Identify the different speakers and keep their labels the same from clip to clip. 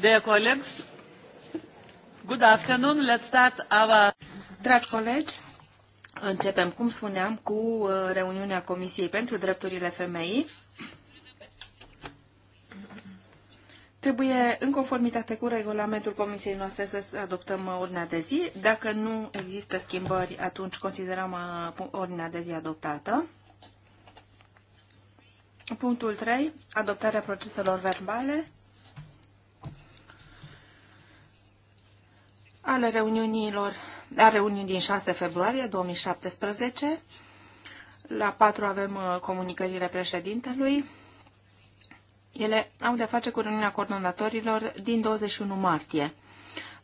Speaker 1: Dear colleagues, good afternoon. Let's start
Speaker 2: our... Dragi colegi, începem, cum spuneam, cu uh, reuniunea Comisiei pentru Drepturile Femeii. Trebuie, în conformitate cu regulamentul Comisiei noastre, să adoptăm uh, ordinea de zi. Dacă nu există schimbări, atunci considerăm uh, ordinea de zi adoptată. Punctul 3. Adoptarea proceselor verbale ale reuniunilor, a reuniunii din 6 februarie 2017. La 4 avem uh, comunicările președintelui. Ele au de face cu reuniunea coordonatorilor din 21 martie.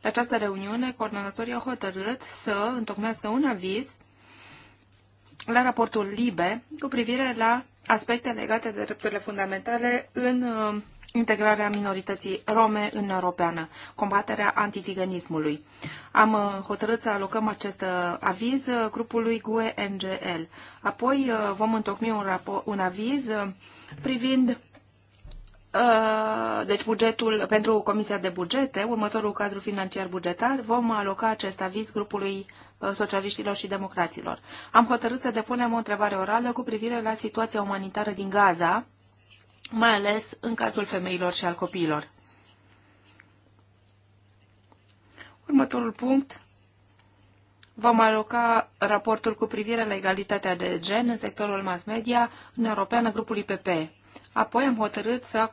Speaker 2: La această reuniune, coordonatorii au hotărât să întocmească un aviz la raportul LIBE cu privire la aspecte legate de drepturile fundamentale în uh, integrarea minorității rome în europeană, combaterea antiziganismului. Am uh, hotărât să alocăm acest uh, aviz uh, grupului GUE-NGL. Apoi vom întocmi un, un aviz privind deci bugetul pentru Comisia de Bugete, următorul cadru financiar bugetar, vom aloca acest aviz grupului socialiștilor și democraților. Am hotărât să depunem o întrebare orală cu privire la situația umanitară din Gaza, mai ales în cazul femeilor și al copiilor.
Speaker 3: Următorul punct.
Speaker 2: Vom aloca raportul cu privire la egalitatea de gen în sectorul mass media în europeană grupului PP. Apoi am hotărât să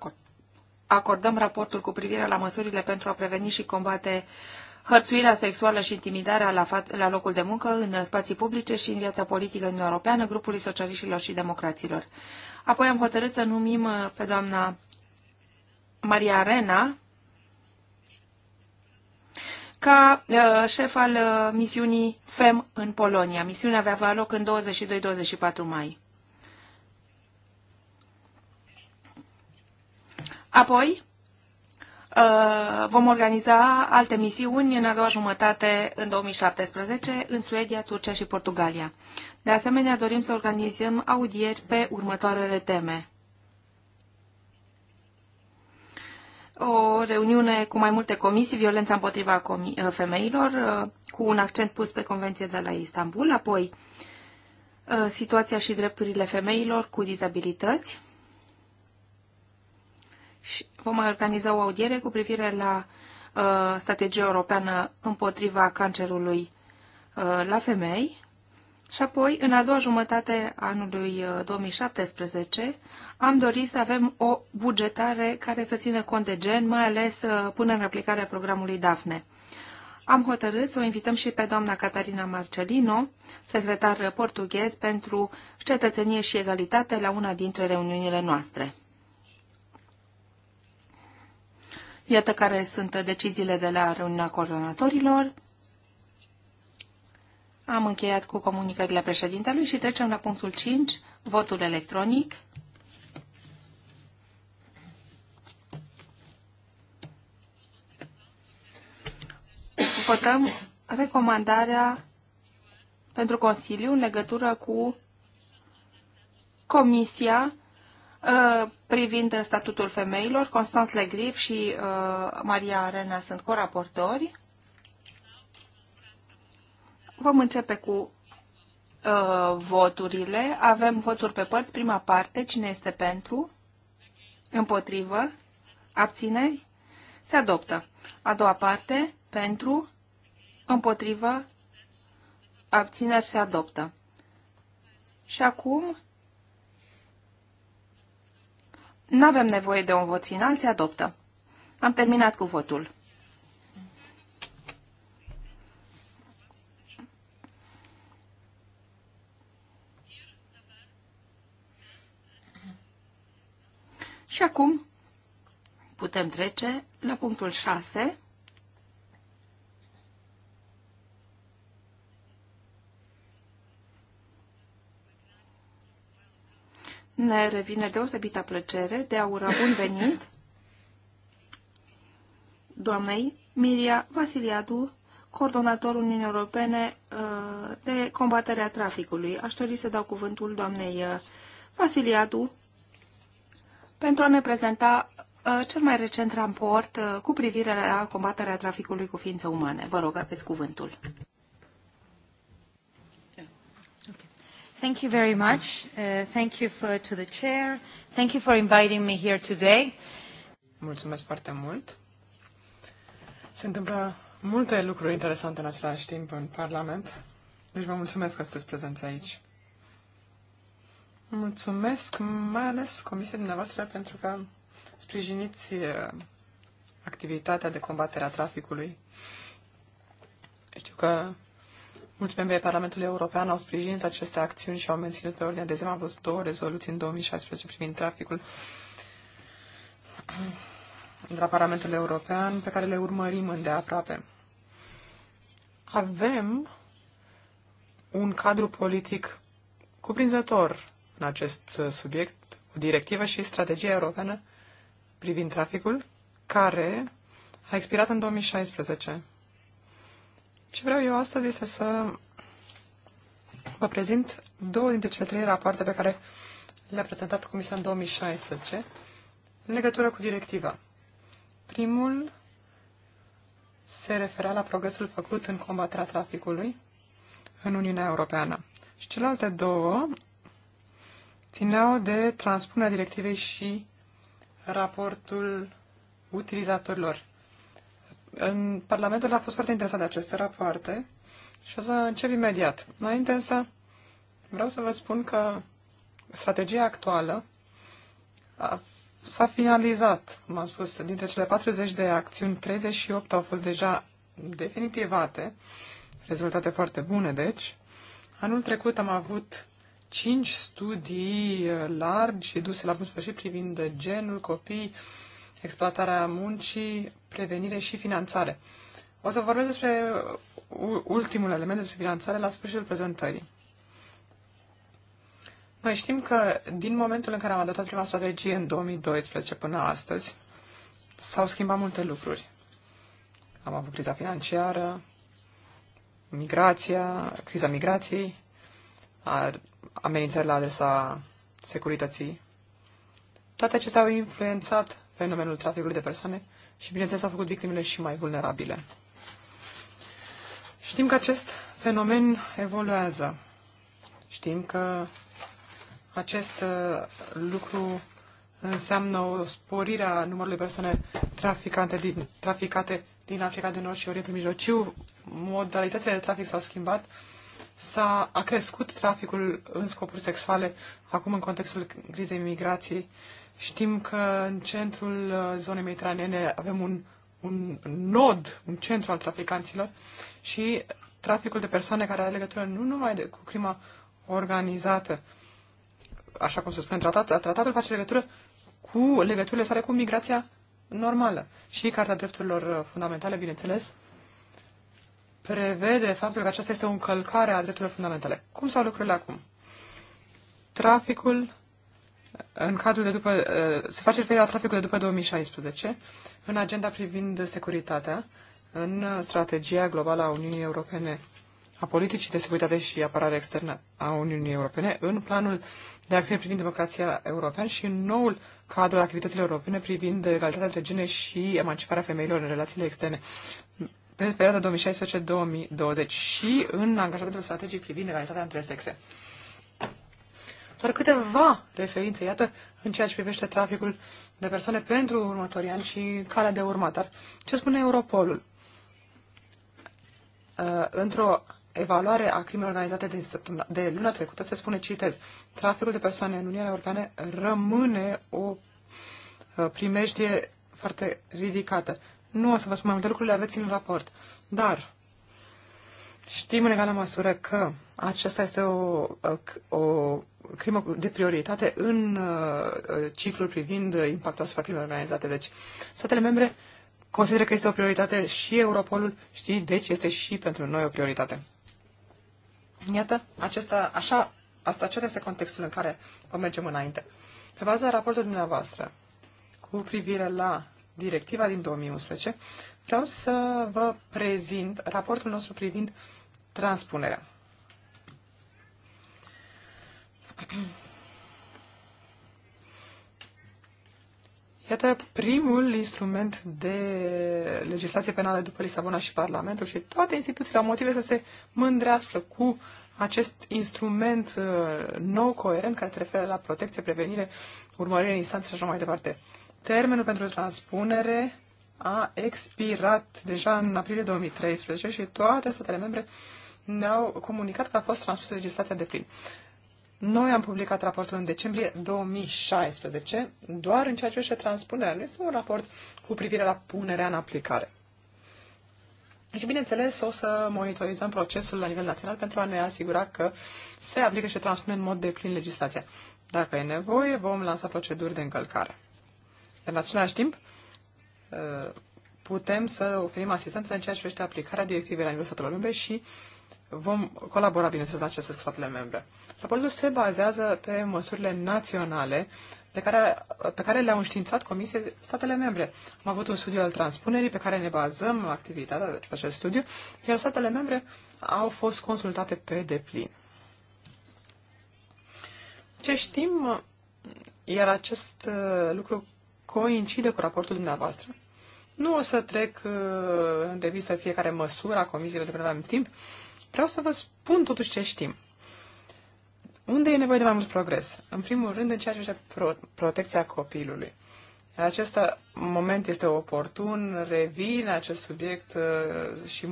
Speaker 2: acordăm raportul cu privire la măsurile pentru a preveni și combate hărțuirea sexuală și intimidarea la, la locul de muncă, în spații publice și în viața politică în Europeană, grupului socialiștilor și democraților. Apoi am hotărât să numim uh, pe doamna Maria Arena ca uh, șef al uh, misiunii FEM în Polonia. Misiunea avea avea loc în 22-24 mai. Apoi, Uh, vom organiza alte misiuni în a doua jumătate în 2017 în Suedia, Turcia și Portugalia. De asemenea, dorim să organizăm audieri pe următoarele teme. O reuniune cu mai multe comisii, violența împotriva uh, femeilor, uh, cu un accent pus pe Convenție de la Istanbul, apoi situația și drepturile femeilor cu dizabilități, vom mai organiza o audiere cu privire la uh, strategia europeană împotriva cancerului uh, la femei. Și apoi, în a doua jumătate a anului 2017, uh, am dorit să avem o bugetare care să țină cont de gen, mai ales uh, până în aplicarea programului DAFNE. Am hotărât să o invităm și pe doamna Catarina Marcelino, secretar portughez pentru cetățenie și egalitate, la una dintre reuniunile noastre. Iată care sunt deciziile de la reuniunea coordonatorilor. Am încheiat cu comunicările președintelui și trecem la punctul 5, votul electronic. Votăm recomandarea pentru Consiliu în legătură cu Comisia Uh, privind statutul femeilor. Constanț Legriv și uh, Maria Arena sunt coraportori. Vom începe cu uh, voturile. Avem voturi pe părți. Prima parte, cine este pentru? Împotrivă? Abțineri? Se adoptă. A doua parte, pentru? Împotrivă? Abțineri se adoptă. Și acum Nu avem nevoie de un vot final, se adoptă. Am terminat cu votul. Și acum putem trece la punctul 6, ne revine deosebită plăcere de a ura bun venit doamnei Miria Vasiliadu, coordonator Uniunii Europene uh, de combaterea traficului. Aș dori să dau cuvântul doamnei uh, Vasiliadu pentru a ne prezenta uh, cel mai recent raport cu privire la combaterea traficului cu ființe umane. Vă rog, aveți cuvântul. Yeah. Okay. Thank you very much. Uh, thank you for, to the chair. Thank you for inviting me here today.
Speaker 3: Mulțumesc foarte mult. Se întâmplă multe lucruri interesante în același timp în Parlament, deci vă mulțumesc că sunteți prezenți aici. Mulțumesc mai ales Comisiei dumneavoastră pentru că sprijiniți uh, activitatea de combatere a traficului. Știu că Mulți membri ai Parlamentului European au sprijinit aceste acțiuni și au menținut pe ordinea de zi. Am avut două rezoluții în 2016 privind traficul de la Parlamentul European, pe care le urmărim îndeaproape. Avem un cadru politic cuprinzător în acest subiect, o directivă și strategia europeană privind traficul, care a expirat în 2016. Ce vreau eu astăzi este să vă prezint două dintre cele trei rapoarte pe care le-a prezentat Comisia în 2016 în legătură cu directiva. Primul se referea la progresul făcut în combaterea traficului în Uniunea Europeană. Și celelalte două țineau de transpunerea directivei și raportul utilizatorilor în Parlamentul a fost foarte interesat de aceste rapoarte și o să încep imediat. Înainte însă, vreau să vă spun că strategia actuală a, s-a finalizat, cum am spus, dintre cele 40 de acțiuni, 38 au fost deja definitivate, rezultate foarte bune, deci. Anul trecut am avut 5 studii eh, largi duse la bun sfârșit privind genul, copii, exploatarea muncii, prevenire și finanțare. O să vorbesc despre ultimul element, despre finanțare, la sfârșitul prezentării. Noi știm că din momentul în care am adoptat prima strategie în 2012 până astăzi, s-au schimbat multe lucruri. Am avut criza financiară, migrația, criza migrației, amenințări la adresa securității. Toate acestea au influențat fenomenul traficului de persoane și, bineînțeles, a făcut victimele și mai vulnerabile. Știm că acest fenomen evoluează. Știm că acest uh, lucru înseamnă o sporire a numărului persoane traficate din, traficate din Africa de Nord și Orientul Mijlociu. Modalitățile de trafic s-au schimbat. S-a a crescut traficul în scopuri sexuale, acum în contextul crizei migrației Știm că în centrul uh, zonei mediteranene avem un, un nod, un centru al traficanților și traficul de persoane care are legătură nu numai de, cu crima organizată, așa cum se spune tratat, tratatul face legătură cu legăturile sale cu migrația normală. Și Carta Drepturilor uh, Fundamentale, bineînțeles, prevede faptul că aceasta este o încălcare a drepturilor fundamentale. Cum s-au lucrurile acum? Traficul în cadrul de după, uh, se face referire la traficul de după 2016, în agenda privind securitatea, în strategia globală a Uniunii Europene, a politicii de securitate și apărare externă a Uniunii Europene, în planul de acțiune privind democrația europeană și în noul cadru al activităților europene privind egalitatea între gene și emanciparea femeilor în relațiile externe pe perioada 2016-2020 și în angajamentul strategic privind egalitatea între sexe doar câteva referințe, iată, în ceea ce privește traficul de persoane pentru următorii ani și calea de urmat. Dar ce spune Europolul? Uh, într-o evaluare a crimelor organizate de, de luna trecută se spune, citez, traficul de persoane în Uniunea Europeană rămâne o uh, primejdie foarte ridicată. Nu o să vă spun mai multe lucruri, le aveți în raport. Dar Știm în egală măsură că aceasta este o, o crimă de prioritate în uh, ciclul privind impactul asupra crimei organizate. Deci, statele membre consideră că este o prioritate și Europolul, știi, deci este și pentru noi o prioritate. Iată, acesta, așa, asta, acesta este contextul în care o mergem înainte. Pe baza raportului dumneavoastră, cu privire la directiva din 2011, Vreau să vă prezint raportul nostru privind transpunerea. Iată primul instrument de legislație penală după Lisabona și Parlamentul și toate instituțiile au motive să se mândrească cu acest instrument uh, nou, coerent, care se referă la protecție, prevenire, urmărire în instanță și așa mai departe. Termenul pentru transpunere a expirat deja în aprilie 2013 și toate statele membre ne-au comunicat că a fost transpusă legislația de plin. Noi am publicat raportul în decembrie 2016, doar în ceea ce privește transpunerea. Nu este un raport cu privire la punerea în aplicare. Și bineînțeles, o să monitorizăm procesul la nivel național pentru a ne asigura că se aplică și transpune în mod de plin legislația. Dacă e nevoie, vom lansa proceduri de încălcare. în același timp, putem să oferim asistență în ceea ce privește aplicarea directivei la nivelul statelor membre și vom colabora, bineînțeles, la acestea cu statele membre. Raportul se bazează pe măsurile naționale pe care, pe care le-au înștiințat comisie statele membre. Am avut un studiu al transpunerii pe care ne bazăm activitatea, deci pe acest studiu, iar statele membre au fost consultate pe deplin. Ce știm, iar acest uh, lucru coincide cu raportul dumneavoastră, nu o să trec uh, în revistă fiecare măsură a comisiei pentru că nu am timp. Vreau să vă spun totuși ce știm. Unde e nevoie de mai mult progres? În primul rând, în ceea ce este pro- protecția copilului. Acest moment este oportun, revin acest subiect uh, și,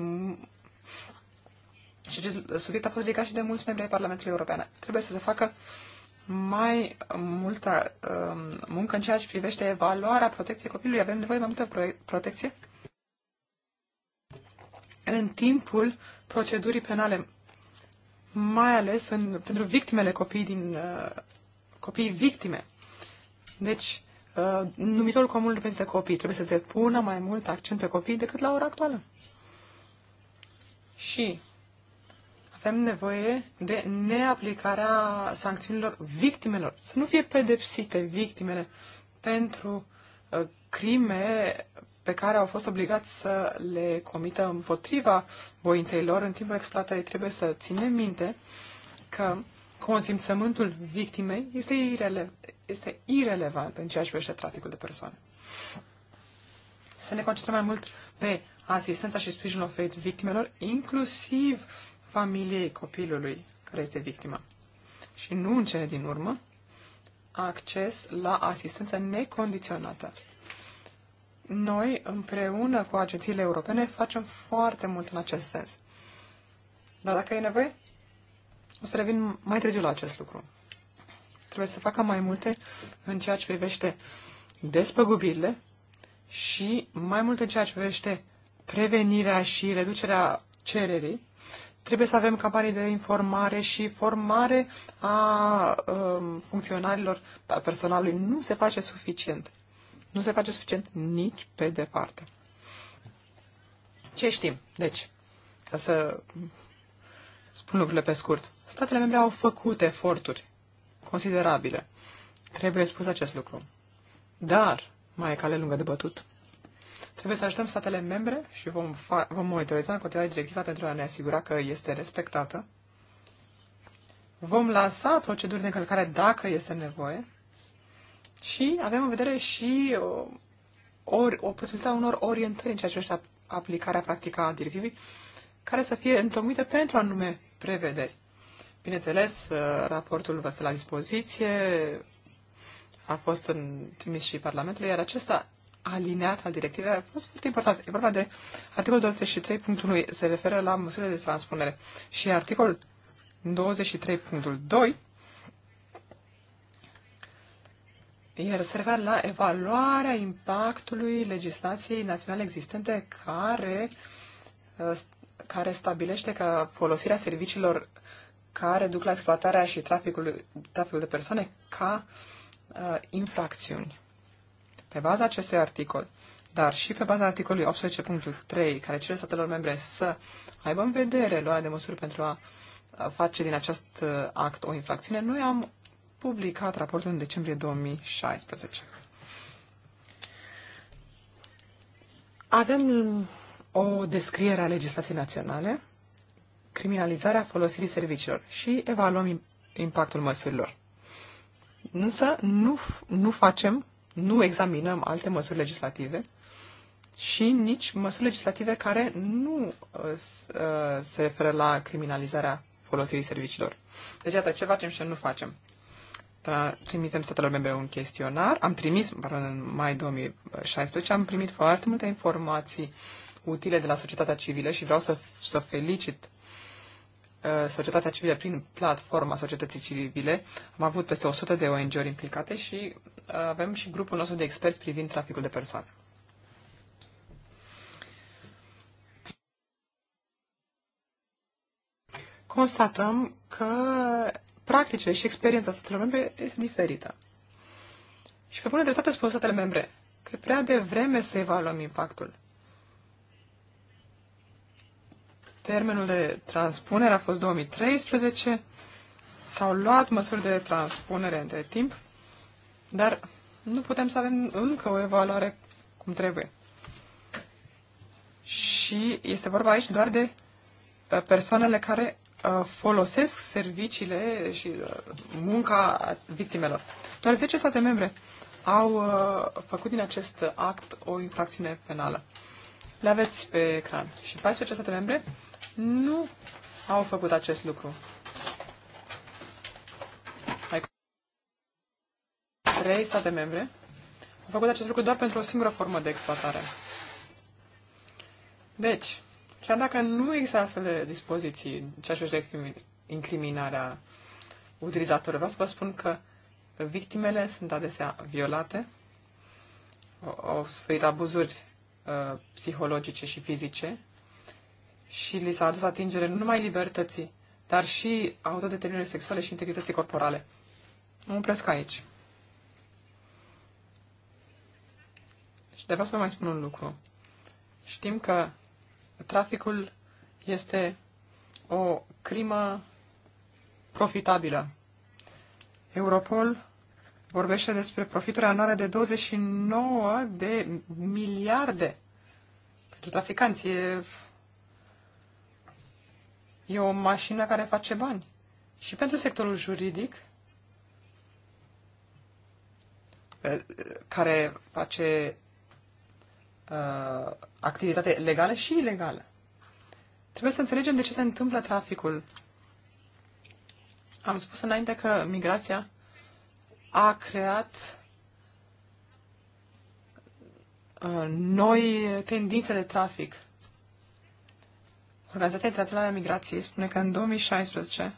Speaker 3: și acest subiect a fost ridicat și de mulți membri ai Parlamentului European. Trebuie să se facă uh, mai multă um, muncă în ceea ce privește evaluarea protecției copilului. Avem nevoie de mai multă protecție în timpul procedurii penale, mai ales în, pentru victimele copiii din uh, copiii victime. Deci, uh, numitorul comun reprezintă copii. Trebuie să se pună mai mult accent pe copii decât la ora actuală. Și avem nevoie de neaplicarea sancțiunilor victimelor, să nu fie pedepsite victimele pentru uh, crime pe care au fost obligați să le comită împotriva voinței lor în timpul exploatării. Trebuie să ținem minte că consimțământul victimei este, irele- este irelevant în ceea ce privește traficul de persoane. Să ne concentrăm mai mult pe asistența și sprijinul oferit victimelor, inclusiv familiei copilului care este victima. Și nu în cele din urmă, acces la asistență necondiționată. Noi, împreună cu agențiile europene, facem foarte mult în acest sens. Dar dacă e nevoie, o să revin mai târziu la acest lucru. Trebuie să facă mai multe în ceea ce privește despăgubirile și mai mult în ceea ce privește prevenirea și reducerea cererii, Trebuie să avem campanii de informare și formare a um, funcționarilor, a personalului. Nu se face suficient. Nu se face suficient nici pe departe. Ce știm? Deci, ca să spun lucrurile pe scurt, statele membre au făcut eforturi considerabile. Trebuie spus acest lucru. Dar mai e cale lungă de bătut. Trebuie să ajutăm statele membre și vom, vom monitoriza în continuare directiva pentru a ne asigura că este respectată. Vom lansa proceduri de încălcare dacă este nevoie și avem în vedere și uh, ori, o posibilitate a unor orientări în ceea ce privește aplicarea practică a directivei, care să fie întocmită pentru anume prevederi. Bineînțeles, uh, raportul vă stă la dispoziție, a fost în, trimis și Parlamentului, iar acesta alineat al directivei a fost foarte important. E vorba de articolul 23.1, se referă la măsurile de transpunere. Și articolul 23.2 iar se referă la evaluarea impactului legislației naționale existente care, uh, care stabilește că folosirea serviciilor care duc la exploatarea și traficul, traficul de persoane ca uh, infracțiuni pe baza acestui articol, dar și pe baza articolului 18.3, care cere statelor membre să aibă în vedere luarea de măsuri pentru a face din acest uh, act o infracțiune, noi am publicat raportul în decembrie 2016. Avem o descriere a legislației naționale, criminalizarea folosirii serviciilor și evaluăm impactul măsurilor. Însă nu, nu facem nu examinăm alte măsuri legislative și nici măsuri legislative care nu uh, uh, se referă la criminalizarea folosirii serviciilor. Deci, iată, ce facem și ce nu facem. Trimitem statelor membre un chestionar. Am trimis, pardon, în mai 2016, am primit foarte multe informații utile de la societatea civilă și vreau să, să felicit Uh, societatea civilă prin platforma societății civile. Am avut peste 100 de ONG-uri implicate și uh, avem și grupul nostru de experți privind traficul de persoane. Constatăm că practicile și experiența statelor membre este diferită. Și pe bună dreptate spun statele membre că e prea devreme să evaluăm impactul. Termenul de transpunere a fost 2013. S-au luat măsuri de transpunere între timp, dar nu putem să avem încă o evaluare cum trebuie. Și este vorba aici doar de uh, persoanele care uh, folosesc serviciile și uh, munca victimelor. Doar 10 state membre au făcut din acest act o infracțiune penală. Le aveți pe ecran. Și 14 state membre nu au făcut acest lucru. Trei state membre au făcut acest lucru doar pentru o singură formă de exploatare. Deci, chiar dacă nu există astfel de dispoziții, ceea ce de incriminarea utilizatorilor, vreau să vă spun că victimele sunt adesea violate, au suferit abuzuri uh, psihologice și fizice și li s-a adus atingere nu numai libertății, dar și autodeterminării sexuale și integrității corporale. Mă opresc aici. Și de vreau să vă mai spun un lucru. Știm că traficul este o crimă profitabilă. Europol vorbește despre profituri anuale de 29 de miliarde pentru traficanți. E E o mașină care face bani. Și pentru sectorul juridic, care face uh, activitate legală și ilegală. Trebuie să înțelegem de ce se întâmplă traficul. Am spus înainte că migrația a creat uh, noi tendințe de trafic. Organizația Internațională a Migrației spune că în 2016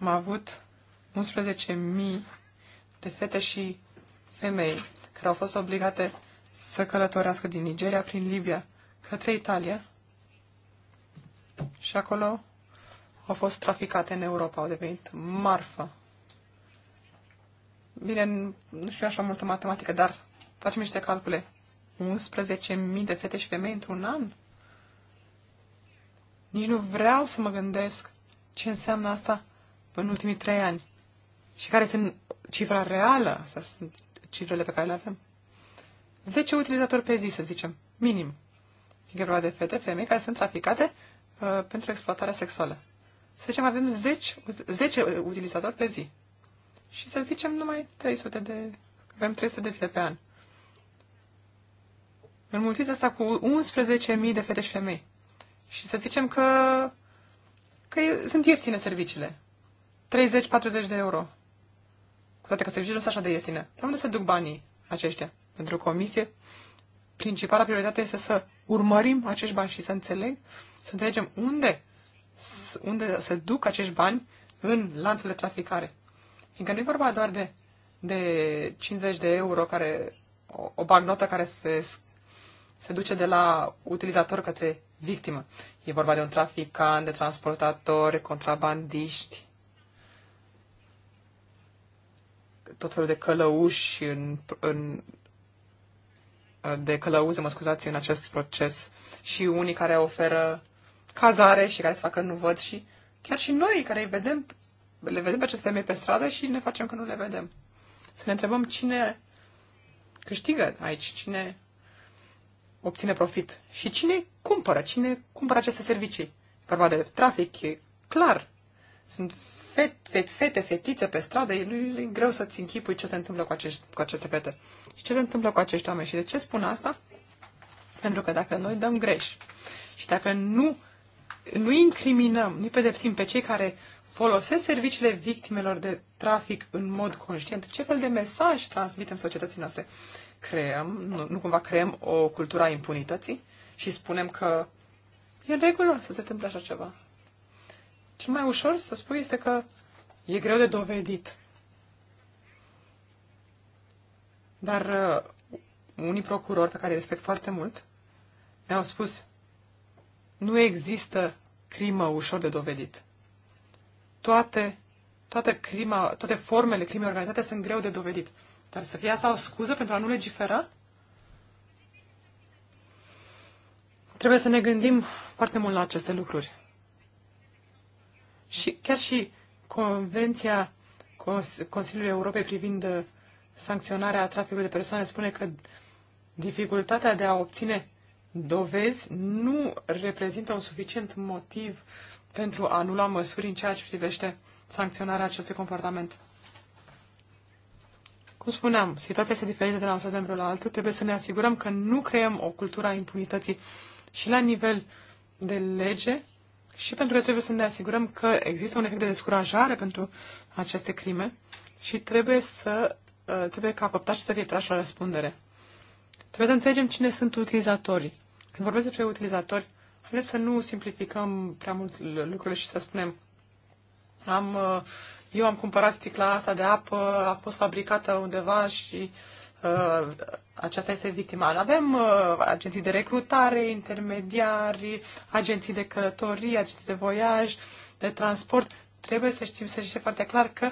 Speaker 3: am avut 11.000 de fete și femei care au fost obligate să călătorească din Nigeria prin Libia către Italia și acolo au fost traficate în Europa, au devenit marfă. Bine, nu știu așa multă matematică, dar facem niște calcule. 11.000 de fete și femei într-un an? Nici nu vreau să mă gândesc ce înseamnă asta în ultimii trei ani. Și care este cifra reală, astea sunt cifrele pe care le avem. 10 utilizatori pe zi, să zicem, minim. E vorba de fete, femei care sunt traficate uh, pentru exploatarea sexuală. Să zicem, avem 10, 10 utilizatori pe zi. Și să zicem numai 300 de... Avem 300 de zile pe an. Înmulțiți asta cu 11.000 de fete și femei. Și să zicem că, că sunt ieftine serviciile. 30-40 de euro. Cu toate că serviciile nu sunt așa de ieftine. unde se duc banii aceștia? Pentru comisie, principala prioritate este să urmărim acești bani și să înțeleg, să înțelegem unde, unde se duc acești bani în lanțul de traficare. Fiindcă nu e vorba doar de, de 50 de euro, care, o, o bagnotă care se, se duce de la utilizator către victimă. E vorba de un traficant, de transportatori, contrabandiști, tot felul de călăuși în, în de călăuze, mă scuzați, în acest proces și unii care oferă cazare și care se facă nu văd și chiar și noi care îi vedem, le vedem pe aceste femei pe stradă și ne facem că nu le vedem. Să ne întrebăm cine câștigă aici, cine obține profit. Și cine cumpără? Cine cumpără aceste servicii? Vorba de trafic, e clar. Sunt fet, fet, fete, fetițe pe stradă, e, e greu să-ți închipui ce se întâmplă cu, acești, cu aceste fete. Și ce se întâmplă cu acești oameni. Și de ce spun asta? Pentru că dacă noi dăm greș și dacă nu, nu incriminăm, nu pedepsim pe cei care folosesc serviciile victimelor de trafic în mod conștient, ce fel de mesaj transmitem societății noastre? creăm, nu, nu cumva creăm o cultură a impunității și spunem că e în regulă să se întâmple așa ceva. Cel mai ușor să spui este că e greu de dovedit. Dar uh, unii procurori pe care îi respect foarte mult mi-au spus nu există crimă ușor de dovedit. Toate, toate, crima, toate formele crimei organizate sunt greu de dovedit. Dar să fie asta o scuză pentru a nu legifera? Trebuie să ne gândim foarte mult la aceste lucruri. Și chiar și Convenția Consiliului Europei privind sancționarea traficului de persoane spune că dificultatea de a obține dovezi nu reprezintă un suficient motiv pentru a anula măsuri în ceea ce privește sancționarea acestui comportament cum spuneam, situația este diferită de la un stat membru la altul. Trebuie să ne asigurăm că nu creăm o cultură a impunității și la nivel de lege și pentru că trebuie să ne asigurăm că există un efect de descurajare pentru aceste crime și trebuie să uh, trebuie ca păptași să fie trași la răspundere. Trebuie să înțelegem cine sunt utilizatorii. Când vorbesc despre utilizatori, haideți să nu simplificăm prea mult lucrurile și să spunem am uh, eu am cumpărat sticla asta de apă, a fost fabricată undeva și uh, aceasta este victima. Avem uh, agenții de recrutare, intermediari, agenții de călătorie, agenții de voiaj, de transport. Trebuie să știm, să știm foarte clar că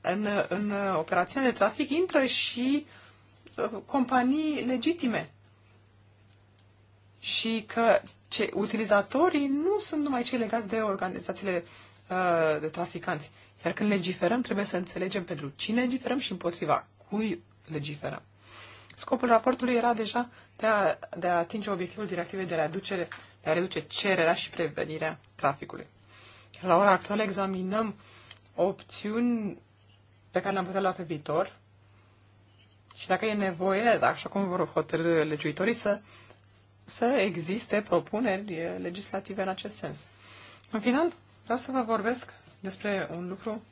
Speaker 3: în, în operațiune de trafic intră și uh, companii legitime și că ce, utilizatorii nu sunt numai cei legați de organizațiile uh, Uh, de traficanți. Iar când legiferăm, trebuie să înțelegem pentru cine legiferăm și împotriva cui legiferăm. Scopul raportului era deja de a, de a atinge obiectivul directivei de a, reducere, de a reduce cererea și prevenirea traficului. La ora actuală examinăm opțiuni pe care le-am putea lua pe viitor și dacă e nevoie, așa cum vor hotărâ legiuitorii, să, să existe propuneri legislative în acest sens. În final, Vreau să vă vorbesc despre un lucru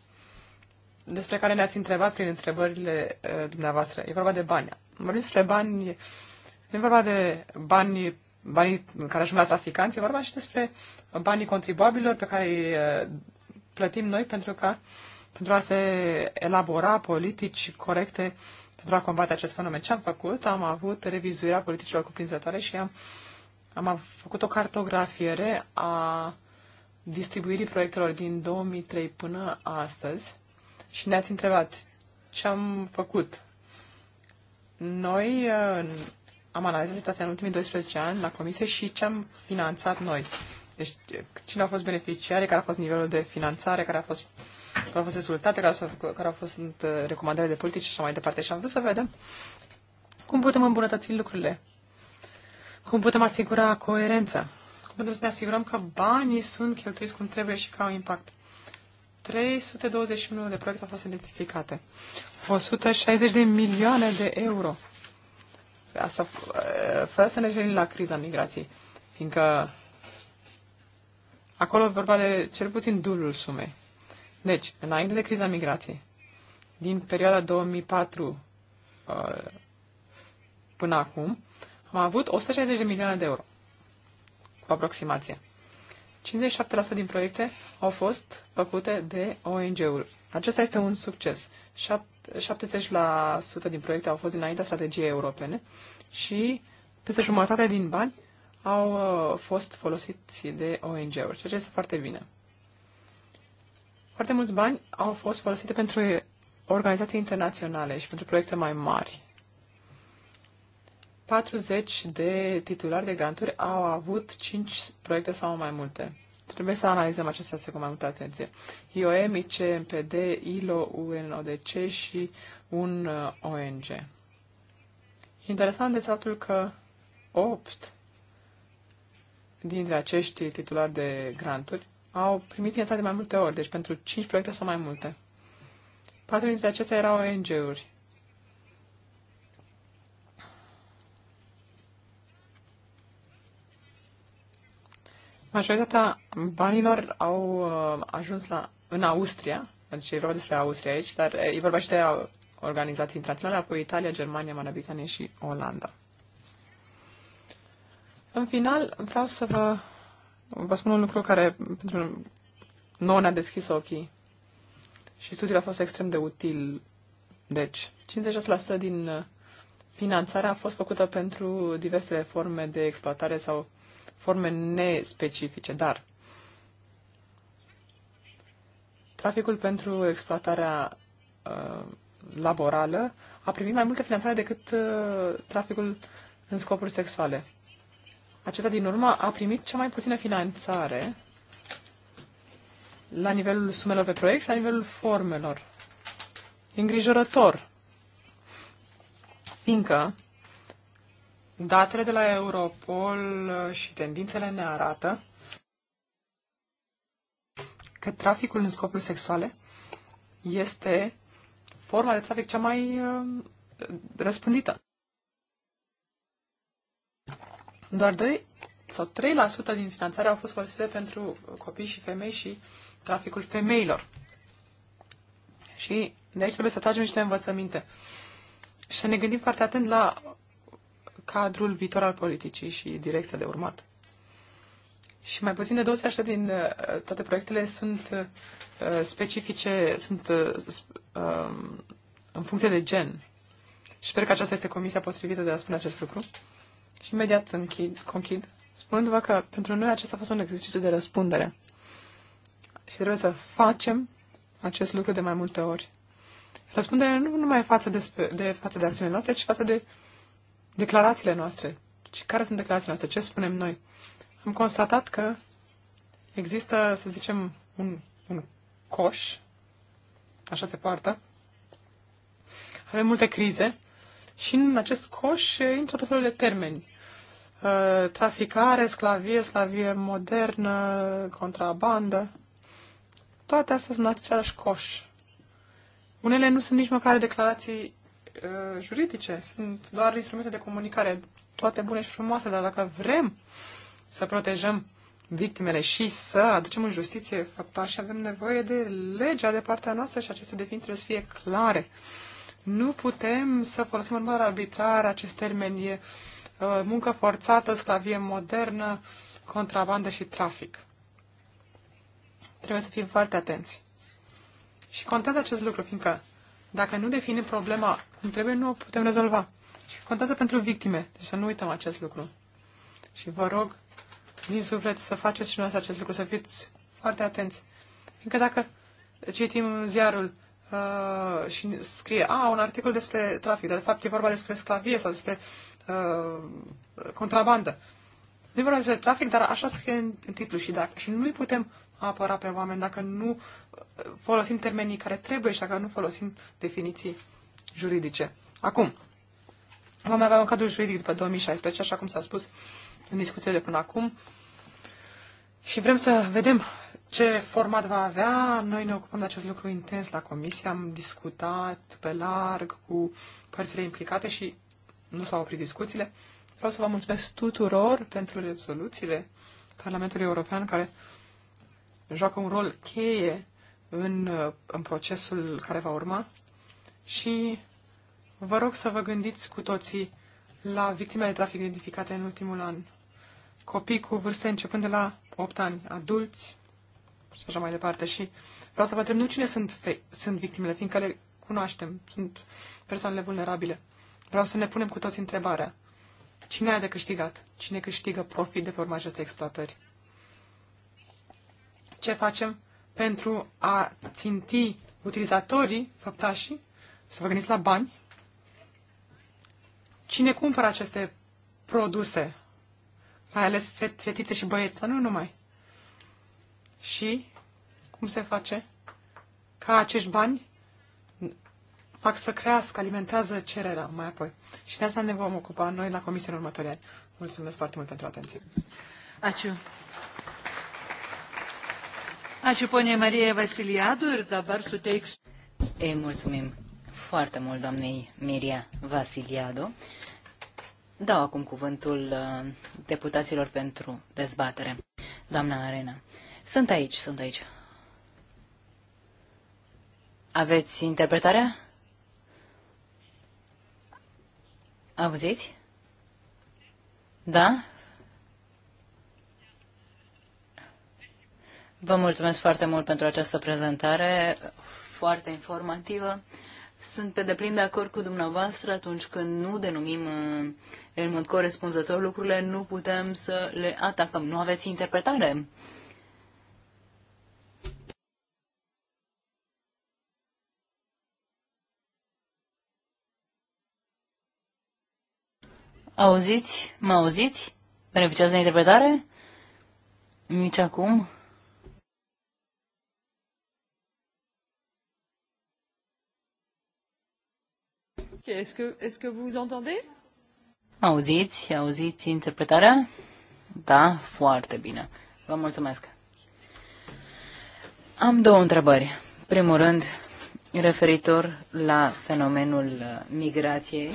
Speaker 3: despre care ne-ați întrebat prin întrebările uh, dumneavoastră. E vorba de bani. Vorbim despre bani, nu e vorba de bani, banii care ajung la traficanți, e vorba și despre banii contribuabilor pe care îi uh, plătim noi pentru, ca, pentru a se elabora politici corecte pentru a combate acest fenomen. Ce am făcut? Am avut revizuirea politicilor cuprinzătoare și am, am făcut o cartografiere a distribuirii proiectelor din 2003 până astăzi și ne-ați întrebat ce am făcut. Noi uh, am analizat situația în ultimii 12 ani la comisie și ce am finanțat noi. Deci cine au fost beneficiare, care a fost nivelul de finanțare, care a fost, care au fost rezultate, care au fost, care au fost uh, recomandările de politici și așa mai departe. Și am vrut să vedem cum putem îmbunătăți lucrurile. Cum putem asigura coerența pentru să ne asigurăm că banii sunt cheltuiți cum trebuie și că au impact. 321 de proiecte au fost identificate. 160 de milioane de euro. Asta eh, fără să ne referim la criza migrației, fiindcă acolo vorba de cel puțin dublul sumei. Deci, înainte de criza migrației, din perioada 2004 eh, până acum, am avut 160 de milioane de euro o aproximație. 57% din proiecte au fost făcute de ONG-uri. Acesta este un succes. 70% din proiecte au fost dinaintea strategiei europene și peste jumătate din bani au uh, fost folosiți de ONG-uri, ceea ce este foarte bine. Foarte mulți bani au fost folosite pentru organizații internaționale și pentru proiecte mai mari. 40 de titulari de granturi au avut 5 proiecte sau mai multe. Trebuie să analizăm acest situație cu mai multă atenție. IOM, ICMPD, ILO, UNODC și un uh, ONG. Interesant este faptul că 8 dintre acești titulari de granturi au primit finanțare de mai multe ori, deci pentru 5 proiecte sau mai multe. 4 dintre acestea erau ONG-uri Majoritatea banilor au uh, ajuns la, în Austria, deci e vorba despre Austria aici, dar uh, e vorba și de uh, organizații internaționale, apoi Italia, Germania, Marea Britanie și Olanda. În final, vreau să vă, vă spun un lucru care pentru noi ne-a deschis ochii și studiul a fost extrem de util. Deci, 56% din finanțarea a fost făcută pentru diverse forme de exploatare sau forme nespecifice, dar traficul pentru exploatarea uh, laborală a primit mai multe finanțare decât uh, traficul în scopuri sexuale. Acesta, din urmă, a primit cea mai puțină finanțare la nivelul sumelor pe proiect și la nivelul formelor. îngrijorător, fiindcă Datele de la Europol uh, și tendințele ne arată că traficul în scopuri sexuale este forma de trafic cea mai uh, răspândită. Doar 2 sau 3% din finanțare au fost folosite pentru copii și femei și traficul femeilor. Și de aici trebuie să tragem niște învățăminte. Și să ne gândim foarte atent la cadrul viitor al politicii și direcția de urmat. Și mai puțin de 20% din uh, toate proiectele sunt uh, specifice, sunt uh, um, în funcție de gen. Și sper că aceasta este comisia potrivită de a spune acest lucru. Și imediat închid, conchid, spunându-vă că pentru noi acesta a fost un exercițiu de răspundere. Și trebuie să facem acest lucru de mai multe ori. Răspunderea nu numai față de, de, față de acțiunile noastre, ci față de declarațiile noastre. Care sunt declarațiile noastre? Ce spunem noi? Am constatat că există, să zicem, un, un coș, așa se poartă, avem multe crize și în acest coș intră tot felul de termeni. Uh, traficare, sclavie, sclavie modernă, contrabandă. Toate astea sunt în același coș. Unele nu sunt nici măcar declarații uh, juridice, sunt doar instrumente de comunicare, toate bune și frumoase, dar dacă vrem să protejăm victimele și să aducem în justiție și avem nevoie de legea de partea noastră și aceste definiții trebuie să fie clare. Nu putem să folosim în mod arbitrar acest termen. E uh, muncă forțată, sclavie modernă, contrabandă și trafic. Trebuie să fim foarte atenți. Și contează acest lucru, fiindcă dacă nu definim problema cum trebuie, nu o putem rezolva. Și contează pentru victime, deci să nu uităm acest lucru. Și vă rog, din suflet, să faceți și noi acest lucru, să fiți foarte atenți. Fiindcă dacă citim ziarul uh, și scrie, a, un articol despre trafic, dar de fapt e vorba despre sclavie sau despre uh, contrabandă. Nu e vorba despre trafic, dar așa scrie în, în titlu și, dacă, și nu-i putem apăra pe oameni dacă nu folosim termenii care trebuie și dacă nu folosim definiții juridice. Acum, vom avea un cadru juridic după 2016, așa cum s-a spus în discuțiile până acum. Și vrem să vedem ce format va avea. Noi ne ocupăm de acest lucru intens la comisie. Am discutat pe larg cu părțile implicate și nu s-au oprit discuțiile. Vreau să vă mulțumesc tuturor pentru rezoluțiile Parlamentului European care joacă un rol cheie în, în procesul care va urma și vă rog să vă gândiți cu toții la victimele de trafic identificate în ultimul an. Copii cu vârste începând de la 8 ani, adulți și așa mai departe. Și vreau să vă întreb nu cine sunt, sunt victimele, fiindcă le cunoaștem, sunt persoanele vulnerabile. Vreau să ne punem cu toți întrebarea. Cine are de câștigat? Cine câștigă profit de pe urma acestei exploatări? Ce facem pentru a ținti utilizatorii, făptașii, să vă gândiți la bani. Cine cumpără aceste produse? Mai ales fetițe și băieți, nu numai. Și cum se face ca acești bani fac să crească, alimentează cererea mai apoi. Și de asta ne vom ocupa noi la comisie în următorii ani. Mulțumesc foarte mult pentru atenție. Aciu.
Speaker 1: Aciu ponė Marija Vasiliadu ir dabar suteiksiu. Ei, mulțumim foarte mult doamnei Miria Vasiliado. Dau acum cuvântul uh, deputaților pentru dezbatere. Doamna Arena, sunt aici, sunt aici. Aveți interpretarea? Auziți? Da? Vă mulțumesc foarte mult pentru această prezentare foarte informativă. Sunt pe deplin de acord cu dumneavoastră atunci când nu denumim uh, în mod corespunzător lucrurile, nu putem să le atacăm. Nu aveți interpretare. Auziți? Mă auziți? Beneficiați de interpretare? Nici acum. Auziți? Auziți interpretarea? Da, foarte bine. Vă mulțumesc. Am două întrebări. Primul rând, referitor la fenomenul uh, migrației,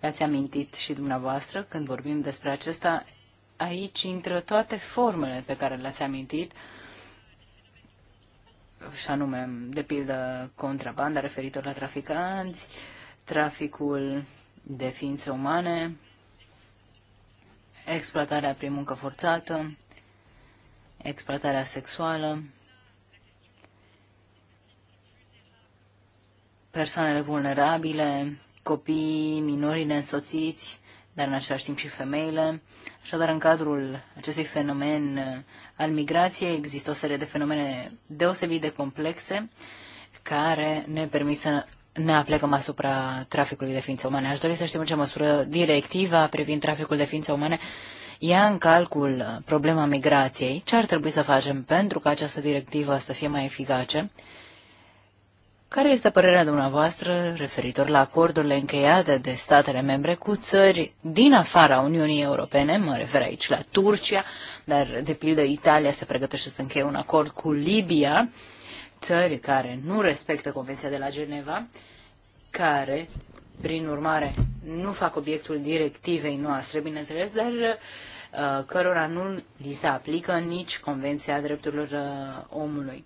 Speaker 1: l-ați amintit și dumneavoastră când vorbim despre acesta, aici intră toate formele pe care le-ați amintit, și anume, de pildă, contrabanda referitor la traficanți, uh, traficul de ființe umane, exploatarea prin muncă forțată, exploatarea sexuală, persoanele vulnerabile, copiii, minorii neînsoțiți, dar în același timp și femeile. Așadar, în cadrul acestui fenomen uh, al migrației există o serie de fenomene deosebit de complexe care ne permit să ne aplecăm asupra traficului de ființe umane. Aș dori să știm în ce măsură directiva privind traficul de ființe umane ia în calcul problema migrației, ce ar trebui să facem pentru ca această directivă să fie mai eficace, care este părerea dumneavoastră referitor la acordurile încheiate de statele membre cu țări din afara Uniunii Europene? Mă refer aici la Turcia, dar de pildă Italia se pregătește să încheie un acord cu Libia țări care nu respectă Convenția de la Geneva, care, prin urmare, nu fac obiectul directivei noastre, bineînțeles, dar uh, cărora nu li se aplică nici Convenția Drepturilor uh, Omului.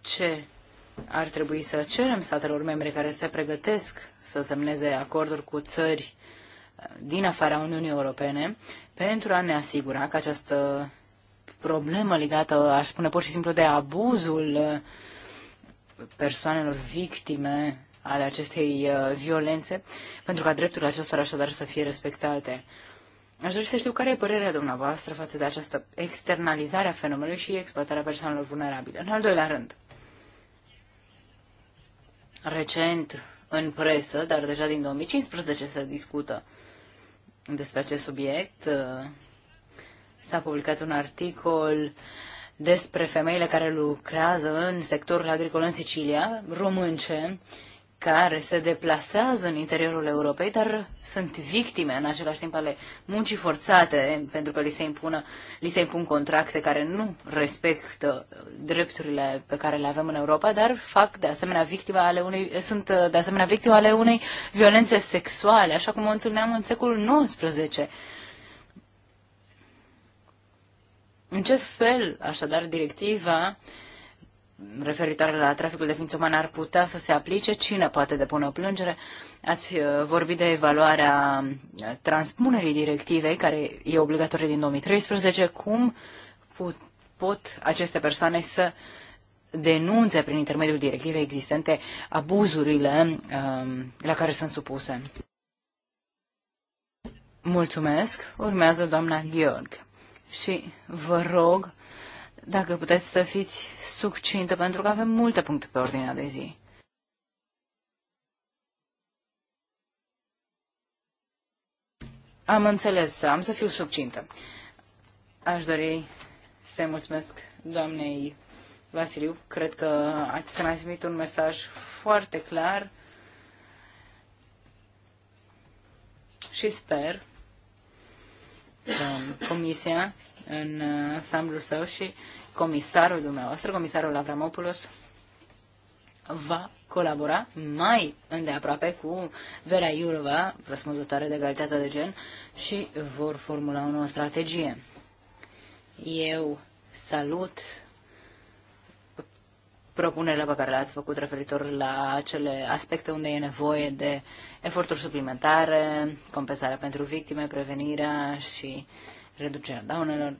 Speaker 1: Ce ar trebui să cerem statelor membre care se pregătesc să semneze acorduri cu țări uh, din afara Uniunii Europene pentru a ne asigura că această problemă legată, aș spune pur și simplu, de abuzul uh, persoanelor victime ale acestei uh, violențe, pentru ca drepturile acestora așadar să fie respectate. Aș dori să știu care e părerea dumneavoastră față de această externalizare a fenomenului și exploatarea persoanelor vulnerabile. În al doilea rând, recent în presă, dar deja din 2015 se discută despre acest subiect, uh, S-a publicat un articol despre femeile care lucrează în sectorul agricol în Sicilia, românce, care se deplasează în interiorul Europei, dar sunt victime în același timp ale muncii forțate, pentru că li se, impună, li se impun contracte care nu respectă drepturile pe care le avem în Europa, dar fac de asemenea victime ale unei, sunt de asemenea victime ale unei violențe sexuale, așa cum o întâlneam în secolul XIX În ce fel, așadar, directiva referitoare la traficul de ființe umane ar putea să se aplice? Cine poate depune o plângere? Ați uh, vorbit de evaluarea uh, transpunerii directivei, care e obligatorie din 2013. Cum put, pot aceste persoane să denunțe prin intermediul directivei existente abuzurile um, la care sunt supuse? Mulțumesc. Urmează doamna Gheorghe și vă rog dacă puteți să fiți succintă, pentru că avem multe puncte pe ordinea de zi. Am înțeles, am să fiu succintă. Aș dori să mulțumesc doamnei Vasiliu. Cred că ați transmit un mesaj foarte clar și sper Comisia în uh, ansamblul său și comisarul dumneavoastră, comisarul Avramopoulos, va colabora mai îndeaproape cu Vera Iurova, răspunzătoare de egalitatea de gen, și vor formula o nouă strategie. Eu salut propunerile pe care le-ați făcut referitor la acele aspecte unde e nevoie de eforturi suplimentare, compensarea pentru victime, prevenirea și reducerea daunelor.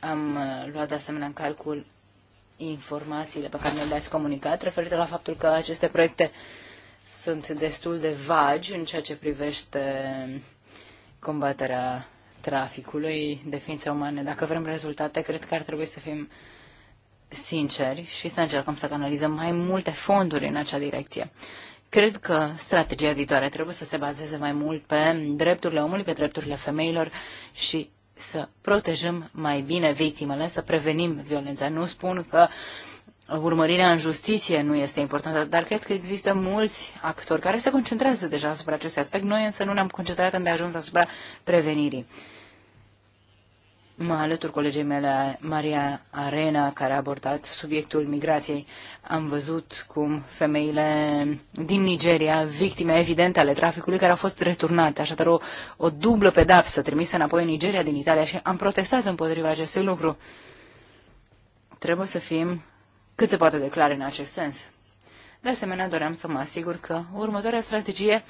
Speaker 1: Am uh, luat de asemenea în calcul informațiile pe care ne le-ați comunicat referitor la faptul că aceste proiecte sunt destul de vagi în ceea ce privește combaterea traficului de ființe umane. Dacă vrem rezultate, cred că ar trebui să fim sinceri și să încercăm să canalizăm mai multe fonduri în acea direcție. Cred că strategia viitoare trebuie să se bazeze mai mult pe drepturile omului, pe drepturile femeilor și să protejăm mai bine victimele, să prevenim violența. Nu spun că urmărirea în justiție nu este importantă, dar cred că există mulți actori care se concentrează deja asupra acestui aspect. Noi însă nu ne-am concentrat în ajuns asupra prevenirii. Mă alătur colegii mele, Maria Arena, care a abordat subiectul migrației. Am văzut cum femeile din Nigeria, victime evidente ale traficului, care au fost returnate, așadar o, o dublă pedapsă trimisă înapoi în Nigeria din Italia și am protestat împotriva acestui lucru. Trebuie să fim cât se poate declare în acest sens. De asemenea, doream să mă asigur că următoarea strategie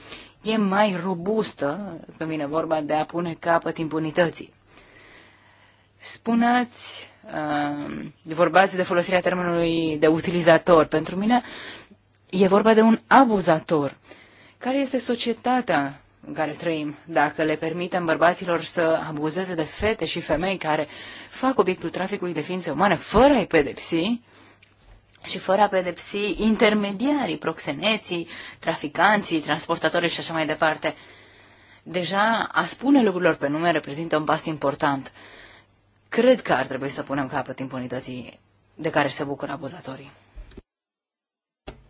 Speaker 1: e mai robustă când vine vorba de a pune capăt impunității spuneați, uh, vorbați de folosirea termenului de utilizator. Pentru mine e vorba de un abuzator. Care este societatea în care trăim, dacă le permitem bărbaților să abuzeze de fete și femei care fac obiectul traficului de ființe umane fără a-i pedepsi și fără a pedepsi intermediarii, proxeneții, traficanții, transportatorii și așa mai departe. Deja a spune lucrurilor pe nume reprezintă un pas important cred că ar trebui să punem capăt impunității de care se bucură abuzatorii.